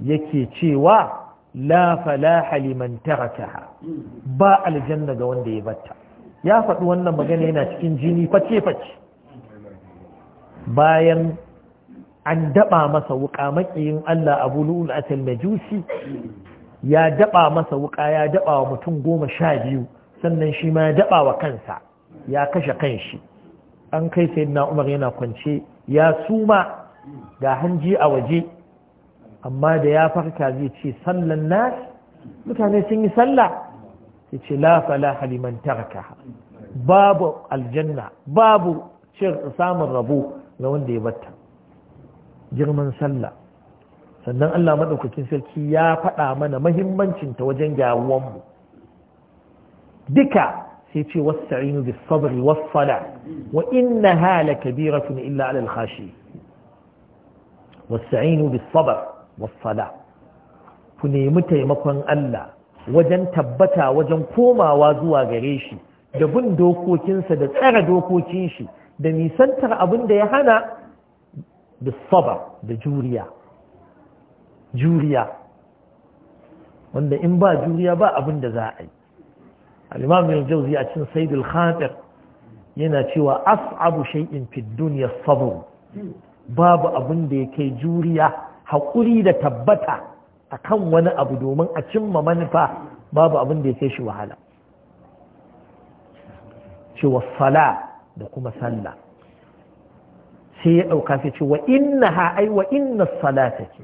yake cewa la falaha liman tarakaha ba aljanna ga wanda ya batta ya faɗi wannan magana yana cikin jini face face bayan an daɓa masa wuƙa maƙiyin Allah Abu Lu'ul Majusi ya daɓa masa wuƙa ya daɓa wa mutum goma sha biyu sannan shi ma ya daɓa wa kansa ya kashe kanshi an kai sayyidina Umar yana kwance ya suma ga hanji a waje amma da ya farka zai ce sallan nas mutane sun yi sallah ya ce la falaha babu aljanna babu cin samun rabo ga wanda ya batta girman sallah sannan Allah maɗaukakin sarki ya faɗa mana mahimmancinta wajen mu duka sai ce wasta'inu bis sabri was sala wa innaha lakabiratun illa alal khashi wasta'inu bis sabr was sala ku nemi taimakon Allah wajen tabbata wajen komawa zuwa gare shi da bin dokokinsa da tsara dokokin shi da nisantar abin da ya hana bisabar da juriya juriya wanda in ba juriya ba abin da za a yi Alimamin al jauzi a cin saidul khatir yana cewa as'abu shay'in fi dunya sabr babu abin da yake juriya haƙuri da tabbata akan wani abu domin a cimma manufa babu abin da kai shi wahala cewa sala da kuma sallah sai ya ɗauka sai ce wa inna ha ai wa inna salata ce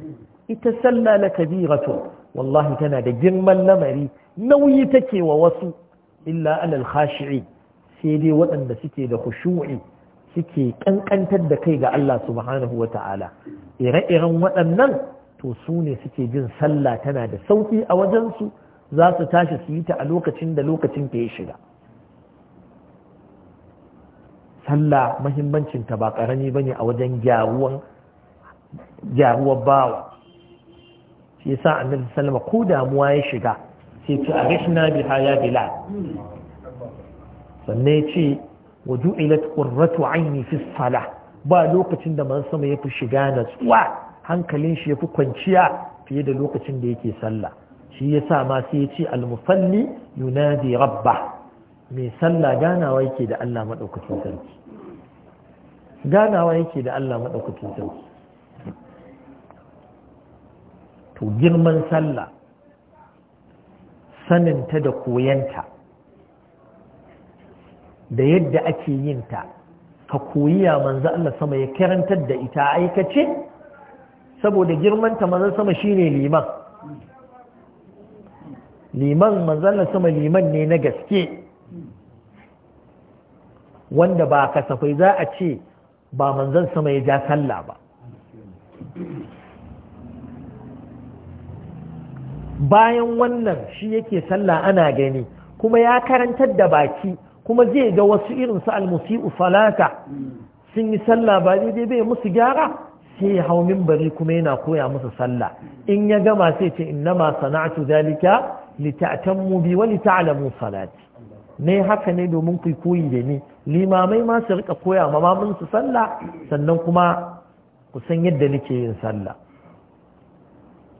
ita sallah la kabiratu wallahi tana da girman lamari nauyi take wa wasu illa alal khashi'i sai dai waɗanda suke da khushu'i suke kankantar da kai ga Allah subhanahu wa ta'ala ire-iren waɗannan to su ne suke jin sallah tana da sauƙi a wajensu za su tashi su yi ta a lokacin da lokacin ta ya shiga sallah mahimmancinta ba ƙarami ba ne a wajen gyaruwar bawa shi yasa annabi sallama ko damuwa ya shiga sai ce a rishina biha ya bila sannan ya ce wa ju'ilat qurratu aini fi salah ba lokacin da man sama ya fi shiga natsuwa hankalin shi ya fi kwanciya fiye da lokacin da yake sallah shi yasa ma sai ya ce al-musalli yunadi rabbah mai sallah ganawa yake da Allah maɗaukacin sarki ganawa yake da Allah maɗaukakin sauki to girman sallah saninta da koyanta da yadda ake yin ta ka koyiya manzo Allah sama ya karantar da ita aikace saboda girmanta manzo sama shine liman liman manzo Allah sama liman ne na gaske wanda ba kasafai za a ce ba manzon sama ya ja sallah ba bayan wannan shi yake sallah ana gani kuma ya karantar da baki kuma zai ga wasu irin su almusi'u salata sun yi sallah ba daidai bai musu gyara sai ya hau minbari kuma yana koya musu sallah in ya gama sai ce ma sana'atu zalika li ta'tammu bi wa li ta'lamu salati ne haka ne domin ku koyi da ni limamai ma su rika koya ma su sallah sannan kuma ku san yadda nake yin sallah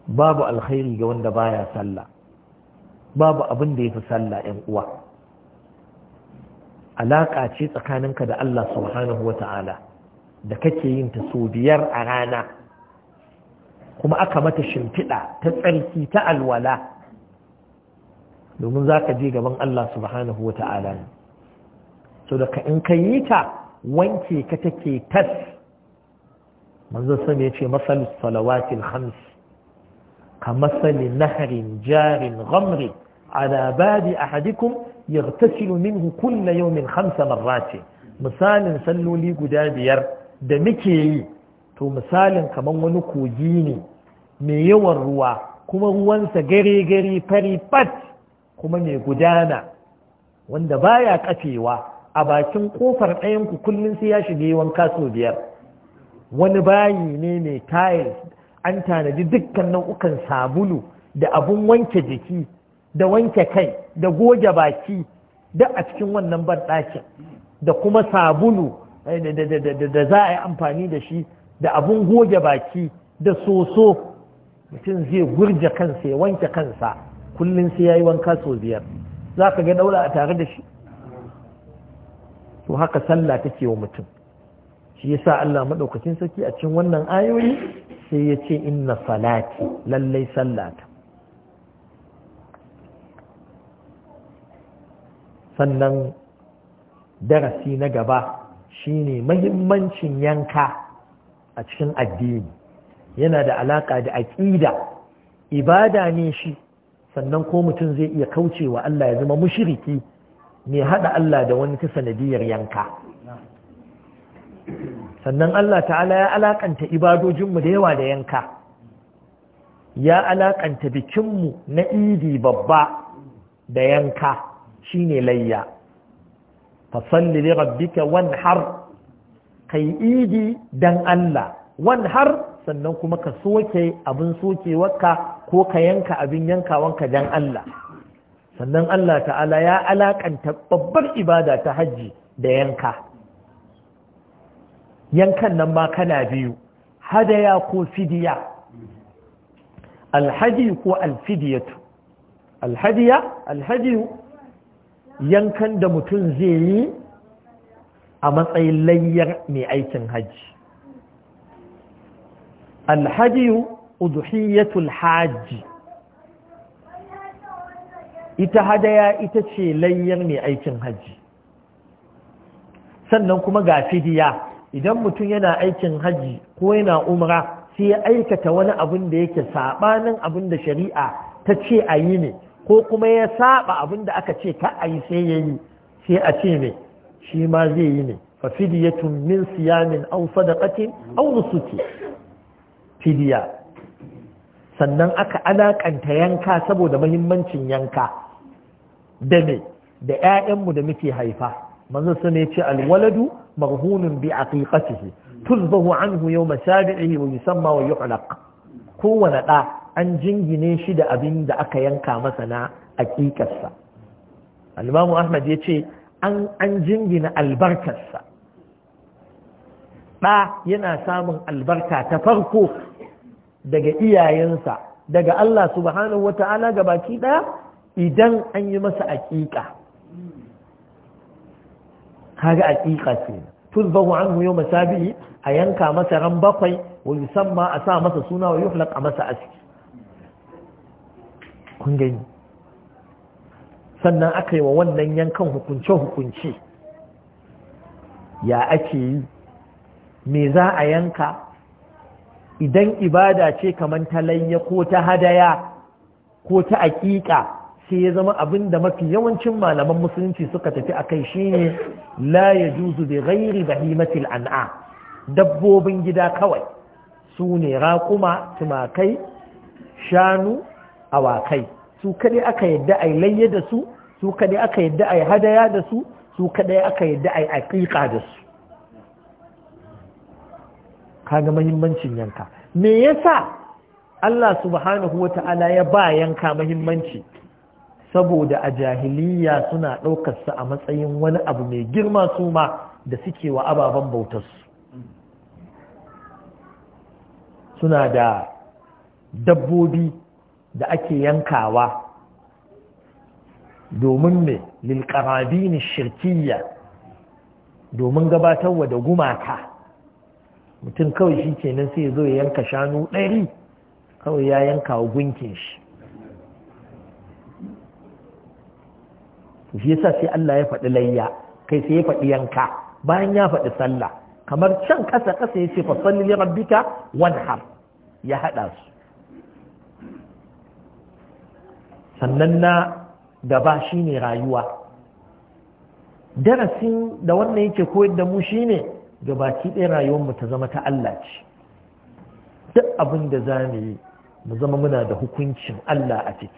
babu alkhairi ga wanda baya sallah babu abin da yafi sallah ɗan uwa alaka ce tsakaninka da Allah subhanahu wata'ala da kake yin ta so biyar a rana kuma aka mata shimfiɗa ta tsarki ta alwala domin za ka je gaban Allah subhanahu wata'ala ne so ka in ka yi ta wanke ka take tas manzo sun ya ce masalus salawatil khams ka masali naharin jarin ghamri ala badi ahadikum yaghtasilu minhu kulla yawmin khamsa marrati misalin salloli guda biyar da muke yi to misalin kamar wani kogi ne mai yawan ruwa kuma ruwansa gare gare fari fat kuma mai gudana wanda baya kafewa a bakin kofar ɗayan ku kullum sai ya shige wanka sau biyar wani bayi ne mai tiles an tanadi dukkan nau'ukan sabulu da abun wanke jiki da wanke kai da goge baki da a cikin wannan banɗakin da kuma sabulu eh, da za a yi amfani da shi da abun goge baki da soso mutum zai gurje kansa ya wanke kansa kullum sai ya yi wanka sau biyar za ka ga daula a tare da shi to haka sallah take wa mutum shi yasa Allah madaukakin saki a cikin wannan ayoyi sai ya ce inna salati lallai sallata sannan darasi na gaba shine mahimmancin yanka a cikin addini yana da alaka da aƙida ibada ne shi sannan ko mutum zai iya kaucewa Allah ya zama mushriki mai haɗa Allah da wani ta sanadiyar yanka sannan Allah ta'ala ya alaƙanta ibadojinmu da yawa da yanka ya alaƙanta bikinmu na idi babba da yanka Shi ne layya fasalli li rabbika ka kai idi dan Allah har sannan kuma ka soke abin sokewarka ko ka yanka abin yankawanka dan Allah sannan Allah ta'ala ya alaƙanta babbar ibada ta hajji da yanka yankan nan ma kana biyu hadaya ko fidiya alhadi ko alfidiyatu alhadiya alhadiyu. yankan da mutum zai yi a matsayin layyar mai aikin hajji alhadiyu udhiyatul hajji ita hadaya ita ce layyar mai aikin hajji sannan kuma ga fidiya idan mutum yana aikin hajji ko yana umra sai ya aikata wani abin da yake saɓanin abin da shari'a ta ce a yi ne ko kuma ya saɓa abin da aka ce ka a yi sai ya yi sai a ce ne shi ma zai yi ne fa fidiyatun min siyamin aw sadaqatin aw nusuki fidiya sannan aka alakanta yanka saboda mahimmancin yanka da me da ƴaƴanmu da muke haifa manzo su ne ce alwaladu marhunun bi aqiqatihi tuzbahu anhu yawma sabi'ihi wa yusamma wa yuhlaq kowane da an jingine shi da abin da aka yanka masa na aqiqarsa al ahmad ya ce an an jingina albarkarsa ɗa yana samun albarka ta farko daga iyayensa daga Allah subhanahu wa ta'ala ga baki ɗaya idan an yi masa aƙiƙa kaga aƙiƙa ce tuzbahu an yawma sabi'i a yanka masa ran bakwai wa musamman a sa masa suna wa yuhlaq a masa aski kun gani sannan aka yi wa wannan yankan hukunce hukunce ya ake yi me za a yanka idan ibada ce kamar layya ko ta hadaya ko ta aƙiƙa sai ya zama abin da mafi yawancin malaman musulunci suka tafi a kai shine la ya juzu bi ghairi bahimatil an'a dabbobin gida kawai su ne raƙuma tumakai shanu awakai su kadai aka yadda ai layya da su su kadai aka yadda ai hadaya da su su kadai aka yadda ai aqiqa da su kaga mahimmancin yanka me yasa Allah subhanahu wata'ala ya ba yanka mahimmanci saboda a jahiliya suna ɗaukarsa a matsayin wani abu mai girma su ma da suke wa ababen bautarsu suna da dabbobi da ake yankawa domin me lilkarabini shirkiya domin gabatarwa da gumaka mutum kawai shi kenan sai zo ya yanka shanu ɗari kawai ya yanka gunkin shi shi yasa sai Allah ya faɗi layya kai sai ya faɗi yanka bayan ya faɗi sallah kamar can ƙasa ƙasa ya ce fa salli li rabbika wanhar ya haɗa su sannan na gaba shine rayuwa darasin da wannan yake koyar da mu shine gabaki ɗaya rayuwar mu ta zama ta Allah ce duk abin da za mu yi mu zama muna da hukuncin Allah a ciki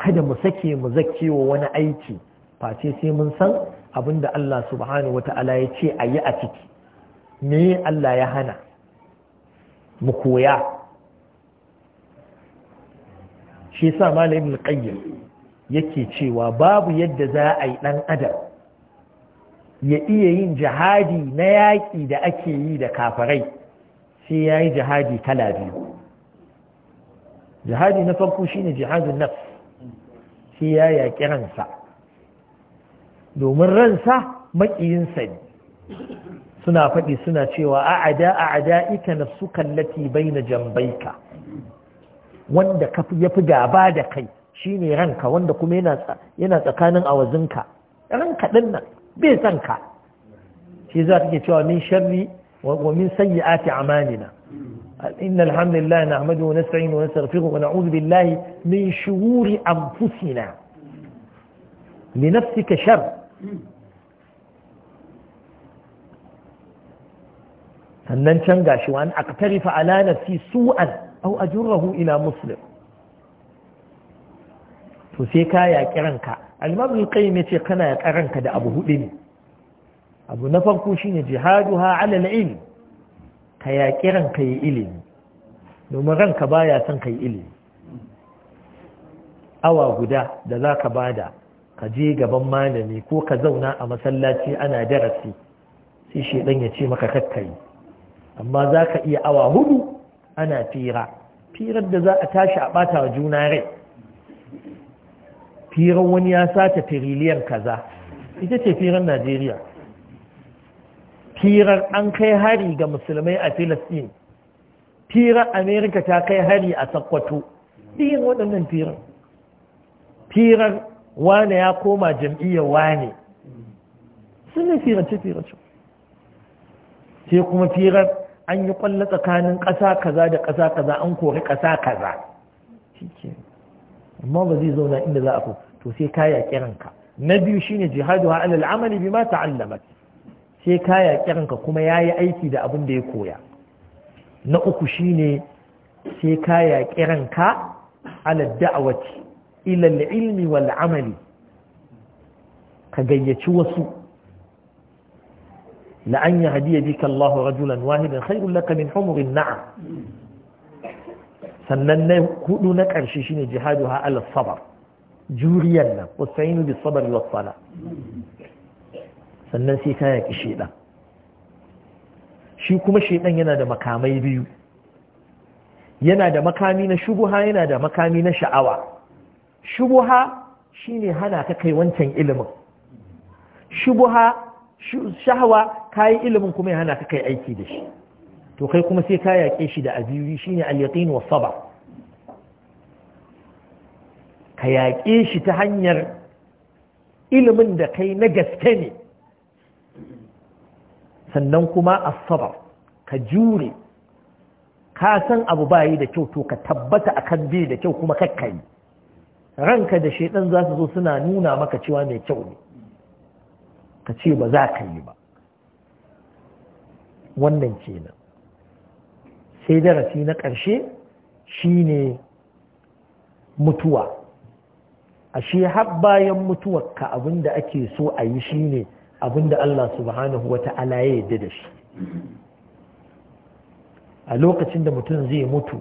kada mu sake mu wa wani aiki face sai mun san abin da Allah subhanahu wa ta'ala ya ce a yi a ciki me Allah ya hana mu koya shi sa malamin qayyim yake cewa babu yadda za a yi ɗan adam ya iya yin jihadi na yaƙi da ake yi da kafarai sai ya yi jihadi kala biyu jihadi na farko shine jihadun nafs sai ya yaƙi ransa domin ransa maƙiyinsa ne suna faɗi suna cewa a'ada a'ada ita na su kallati bai na jambaika wanda ya fi gaba da kai shi ne ranka wanda kuma yana tsakanin awazinka ranka ɗin nan bai san ka shi za ta ke cewa min sharri wa min ati amanina. إن الحمد لله نعمده ونستعينه ونستغفره ونعوذ بالله من شرور أنفسنا لنفسك شر أن تنقاش وأن أقترف على نفسي سوءا أو أجره إلى مسلم فسيكا يا كرنكا المبن القيمة قنا كرنكا ده أبو هدين أبو نفر جهادها على العلم ka yaƙi ranka yi ilimi domin ranka baya son ka yi ilimi awa guda da za ka bada ka je gaban malami ko ka zauna a masallaci ana darasi sai ɗan ya ce maka kakkayi amma za ka iya awa hudu ana fira firar da za a tashi a ɓata wa juna rai firar wani ya sata firiliyan kaza ita ce firar najeriya firar an kai hari ga musulmai a filistin firar amerika ta kai hari a sakwato ɗiyin waɗannan firar firar wane ya koma jam'iyyar wane sun ne firace-firace sai kuma firar an yi kwallo tsakanin ƙasa kaza da ƙasa kaza an kori ƙasa kaza amma ba zai zauna inda za a to sai kaya kiranka na biyu shine jihadu ha alal amali bi ma ta'allamat sai ka kuma ya yi aiki da abin da ya koya na uku shine sai ka yaƙi ranka da'awati ila ilmi wal amali ka gayyaci wasu la an yahdiya bika Allahu rajulan wahidan khairul laka min humurin na'am sannan na hudu na ƙarshe shine jihadu ha ala sabar juriyan nan wasainu bis sabr sala sannan sai ka yaƙi shaidan shi kuma shaidan yana da makamai biyu yana da makami na shubuha yana da makami na sha'awa shubuha shine hana ka kai wancan ilimin shubuha sha'awa kayi ilimin kuma ya hana ka kai aiki da shi to kai kuma sai ka yaƙe shi da abiyu shine ne alyaƙin wa ka yaƙe shi ta hanyar ilimin da kai na gaske ne sannan kuma a sabar ka jure ka san abu bayi da kyau to ka tabbata akan bi da kyau kuma kakkayi ranka da shaidan za su zo suna nuna maka cewa mai kyau ne ka ce ba za ka yi ba wannan kenan sai darasi na ƙarshe shine mutuwa ashe har bayan ka abin da ake so a yi shine abinda Allah subhanahu wa ta'ala ya yarda da shi a lokacin da mutum zai mutu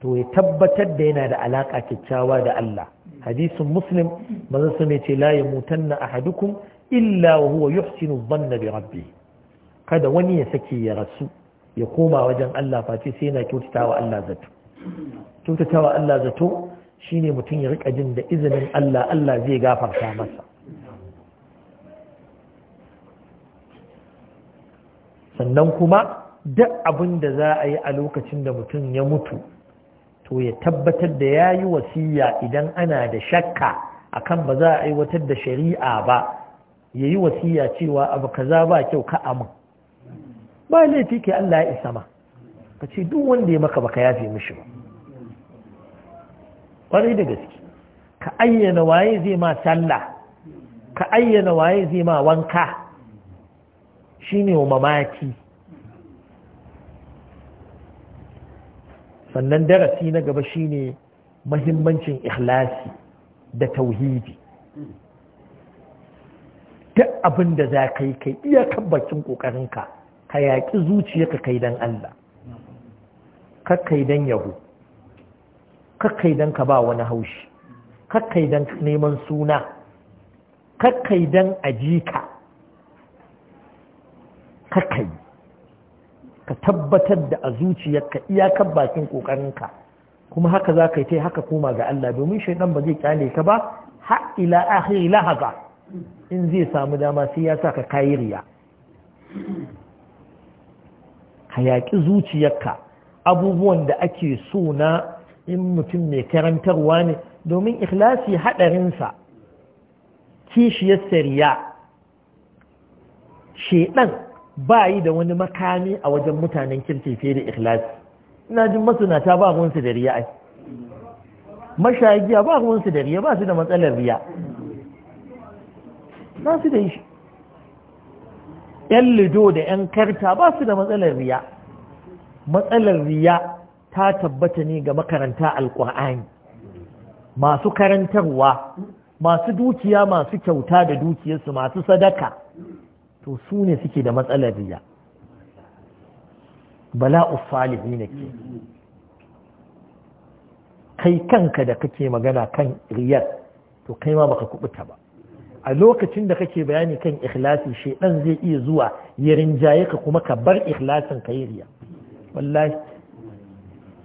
to ya tabbatar da yana da alaƙa kyakkyawa da Allah hadisin muslim manzon sun ce la yamutanna ahadukum illa wa huwa yuhsinu dhanna bi rabbi kada wani ya sake ya rasu ya koma wajen Allah face sai yana kyautatawa Allah zato kyautatawa Allah zato shine mutum ya rika jin da izinin Allah Allah zai gafarta masa sannan kuma duk abin da za a yi a lokacin da mutum ya mutu to ya tabbatar da ya yi wasiya idan ana da shakka akan ba za a aiwatar da shari'a ba ya yi wasiya cewa abu kaza ba kyau ka amin ba laifi ke Allah ya isa ma ka ce duk wanda ya maka baka yafe mishi ba ƙwarai da gaske ka ayyana waye zai ma sallah ka ayyana waye zai ma wanka shine wa mamaki sannan darasi na gaba shi ne mahimmancin ikhlasi da tauhidi duk abin da za ka yi kai iya kabbacin ƙoƙarinka ka yaƙi zuciyarka kai don Allah kakkai don Yahu, kakkai don ka ba wani haushi kakkai don neman suna kakkai don ajika kakai ka tabbatar da a zuciyarka iyakar bakin ka kuma haka za ka yi ta haka koma ga Allah domin shaidan ba zai kyale ka ba har ila akhiri lahaza in zai samu dama sai ya sa ka kayiriya ka yaƙi zuciyarka abubuwan da ake so na in mutum mai karantarwa ne domin ikhlasi haɗarinsa kishiyar sariya shaidan ba yi da wani makami a wajen mutanen kirki fiye da ikhlasi ina jin masunata ba ruwansu da riya mashagiya ba ruwansu da riya ba su da matsalar riya ba su da shi yan lido da yan karta ba su da matsalar riya matsalar riya ta tabbata ne ga makaranta alkur'ani masu karantarwa masu dukiya masu kyauta da dukiyarsu masu sadaka to su ne suke da matsalar riya bala'u salihi ne ke kai kanka da kake magana kan riyar to kai ma baka kubuta ba a lokacin da kake bayani kan ikhlasi shedan zai iya zuwa ya rinjaye ka kuma ka bar ikhlasin ka yi riya wallahi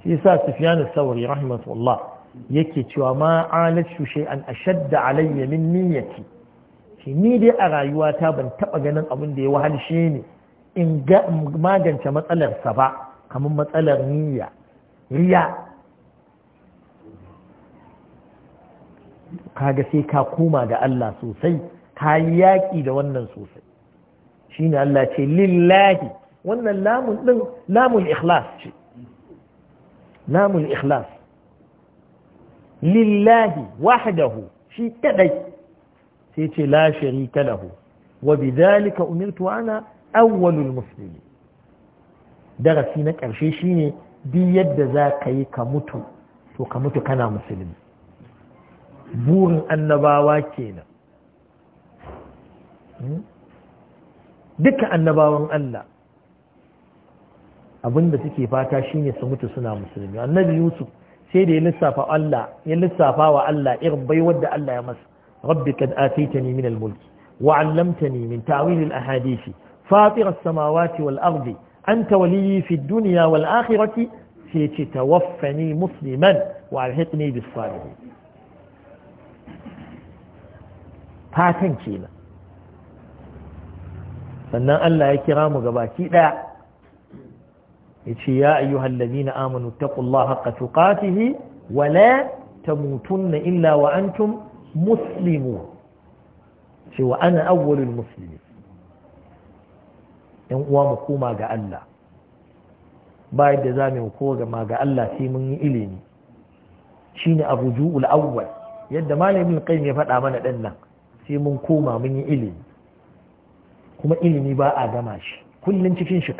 shi yasa sufyan sauri rahimahullah yake cewa ma alatu shay'an ashadda alayya min niyyati ce ni dai a rayuwata ban taɓa ganin abin da ya wahalshe ne in ga magance matsalarsa ba kamar matsalar niyya riya kaga sai ka koma ga Allah sosai ka yi yaƙi da wannan sosai shine Allah ce lillahi wannan lamun din lamun ikhlas ce lamun ikhlas lillahi wahdahu shi kadai sai ce la sharika lahu wa bidhalika umirtu ana awwalul muslimin darasi na ƙarshe shine duk yadda za ka yi ka mutu to ka mutu kana musulmi burin annabawa kenan hmm? duka annabawan Allah abinda suke fata shine su mutu suna musulmi annabi Yusuf sai da ya lissafa Allah ya lissafa wa Allah irin baiwar da Allah ya masa ربي قد آتيتني من الملك وعلمتني من تعويل الأحاديث فاطر السماوات والأرض أنت ولي في الدنيا والآخرة في تتوفني مسلما وعلحقني بالصالحين فاتن كيلا فأن الله يكرام قباكي لا يا أيها الذين آمنوا اتقوا الله حق تقاته ولا تموتن إلا وأنتم muslimu cewa ana awwalul muslimi yan uwa mu koma ga Allah ba yadda za mu koma ga Allah sai mun yi ilimi shine arju'ul awwal yadda malamin kai ya faɗa mana ɗan nan sai mun koma mun yi ilimi kuma ilimi ba a gama shi kullum cikin shi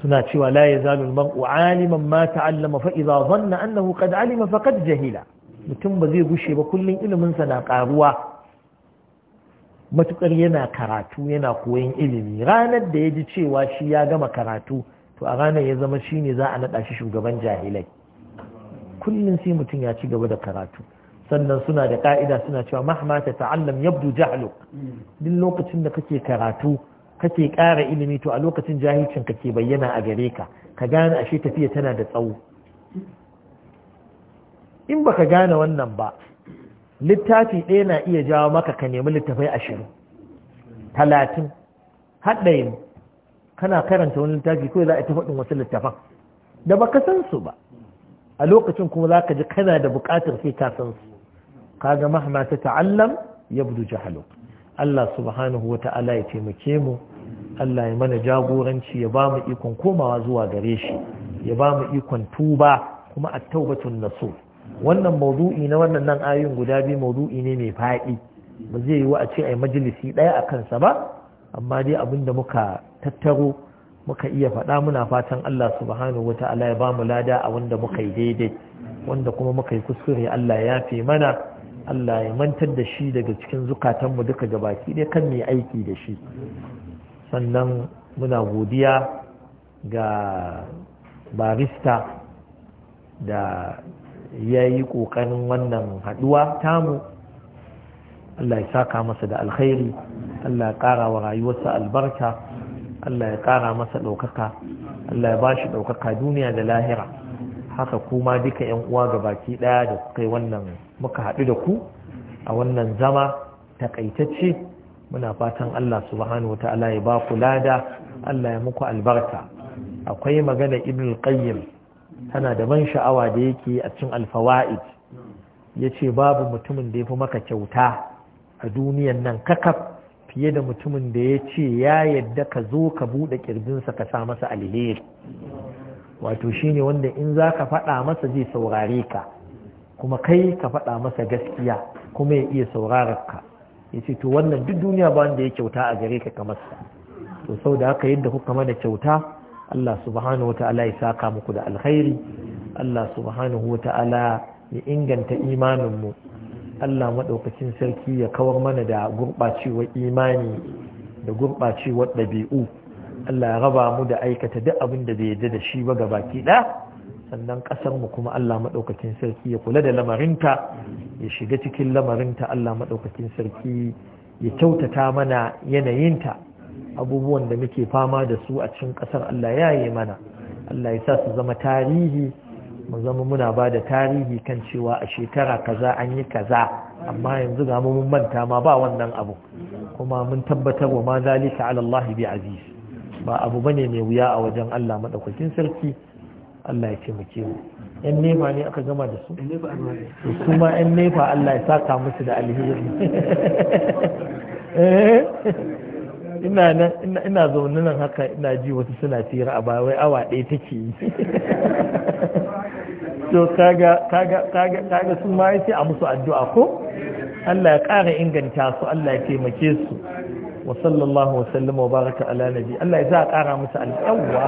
suna cewa la yazalu al-mar'u aliman ma ta'allama fa idha dhanna annahu qad alima faqad jahila mutum ba zai gushe ba kullum iliminsa na karuwa. matukar yana karatu yana koyon ilimi ranar da ya ji cewa shi ya gama karatu to a ranar ya zama shi ne za a naɗa shi shugaban jahilai kullum sai mutum ya ci gaba da karatu sannan suna da ka'ida suna cewa mahmata ta'allam yabdu jahluk duk lokacin da kake karatu kake ƙara ilimi to a lokacin jahilcin kake bayyana a gare ka ka gane ashe tafiya tana da tsawo in baka gane wannan ba littafi ɗaya na iya jawo maka ka nemi littafai ashirin talatin haɗayin kana karanta wani littafi kawai za a ta faɗin wasu littafan da baka san su ba a lokacin kuma za ka ji kana da buƙatar sai ka san su kaga mahma ta ta'allam yabdu jahalu Allah subhanahu wata'ala ya taimake mu Allah ya mana jagoranci ya ba mu ikon komawa zuwa gare shi ya ba mu ikon tuba kuma at-taubatun nasuh wannan maudu'i na wannan nan ayoyin guda biyu maudu'i ne mai faɗi ba zai yiwu a ce a majalisi ɗaya a kansa ba amma dai abin da muka tattaro muka iya faɗa muna fatan Allah subhanahu wa ta'ala ya bamu lada a wanda muka yi daidai wanda kuma muka yi kuskure Allah ya fi mana Allah ya mantar da shi daga cikin zukatanmu duka gabaki ɗaya kan mai aiki da shi sannan muna godiya ga barista da ya yi ƙoƙarin wannan haɗuwa tamu Allah ya saka masa da alkhairi Allah ya ƙara wa rayuwarsa albarka Allah ya ƙara masa ɗaukaka Allah ya ba shi ɗaukaka duniya da lahira haka kuma duka ‘yan uwa ga baki ɗaya da kuka wannan muka haɗu da ku a wannan zama takaitacce muna fatan Allah subhanahu wata'ala ya ba ku lada Allah ya muku albarka akwai magana ibn al-qayyim tana da ban sha'awa da yake a cin alfawa'id ya ce babu mutumin da ya fi maka kyauta a duniyan nan kakaf fiye da mutumin da ya ce ya yadda ka zo ka buɗe ƙirjinsa ka sa masa alheri wato shine wanda in za ka faɗa masa zai saurare ka kuma kai ka faɗa masa gaskiya kuma ya iya saurarar ka ya ce to wannan duk duniya ba wanda ya kyauta a gare ka kamar sa to sau da haka yadda kuka mana kyauta Allah subhanahu wata'ala ya saka muku da alkhairi Allah subhanahu wata'ala ya inganta imaninmu Allah maɗaukacin sarki ya kawar mana da gurɓacewar imani da gurɓacewar ɗabi'u Allah ya raba mu da aikata duk abin da bai yarda da shi ba gabaki ɗaya sannan ƙasarmu kuma Allah maɗaukacin sarki ya kula da lamarinta ya shiga cikin lamarinta Allah maɗaukacin sarki ya kyautata mana yanayinta abubuwan da muke fama da su a cikin ƙasar Allah ya yi mana Allah ya sa su zama tarihi mu zama muna ba da tarihi kan cewa a shekara kaza an yi kaza amma yanzu ga mu manta ma ba wannan abu kuma mun tabbatar wa ma zalika ala Allah bi aziz ba abu bane mai wuya a wajen Allah madaukakin sarki Allah ya ce mu yan nefa ne aka gama da su su ma yan nefa Allah ya saka musu da alheri eh? ina nan ina zaune nan haka ina ji wasu suna tira a bawai awa ɗaya take yi to kaga kaga kaga kaga su ma yace a musu addu'a ko Allah ya ƙara inganta su Allah ya taimake su wa sallallahu wa sallama wa baraka ala nabi Allah ya za a ƙara musu al'awwa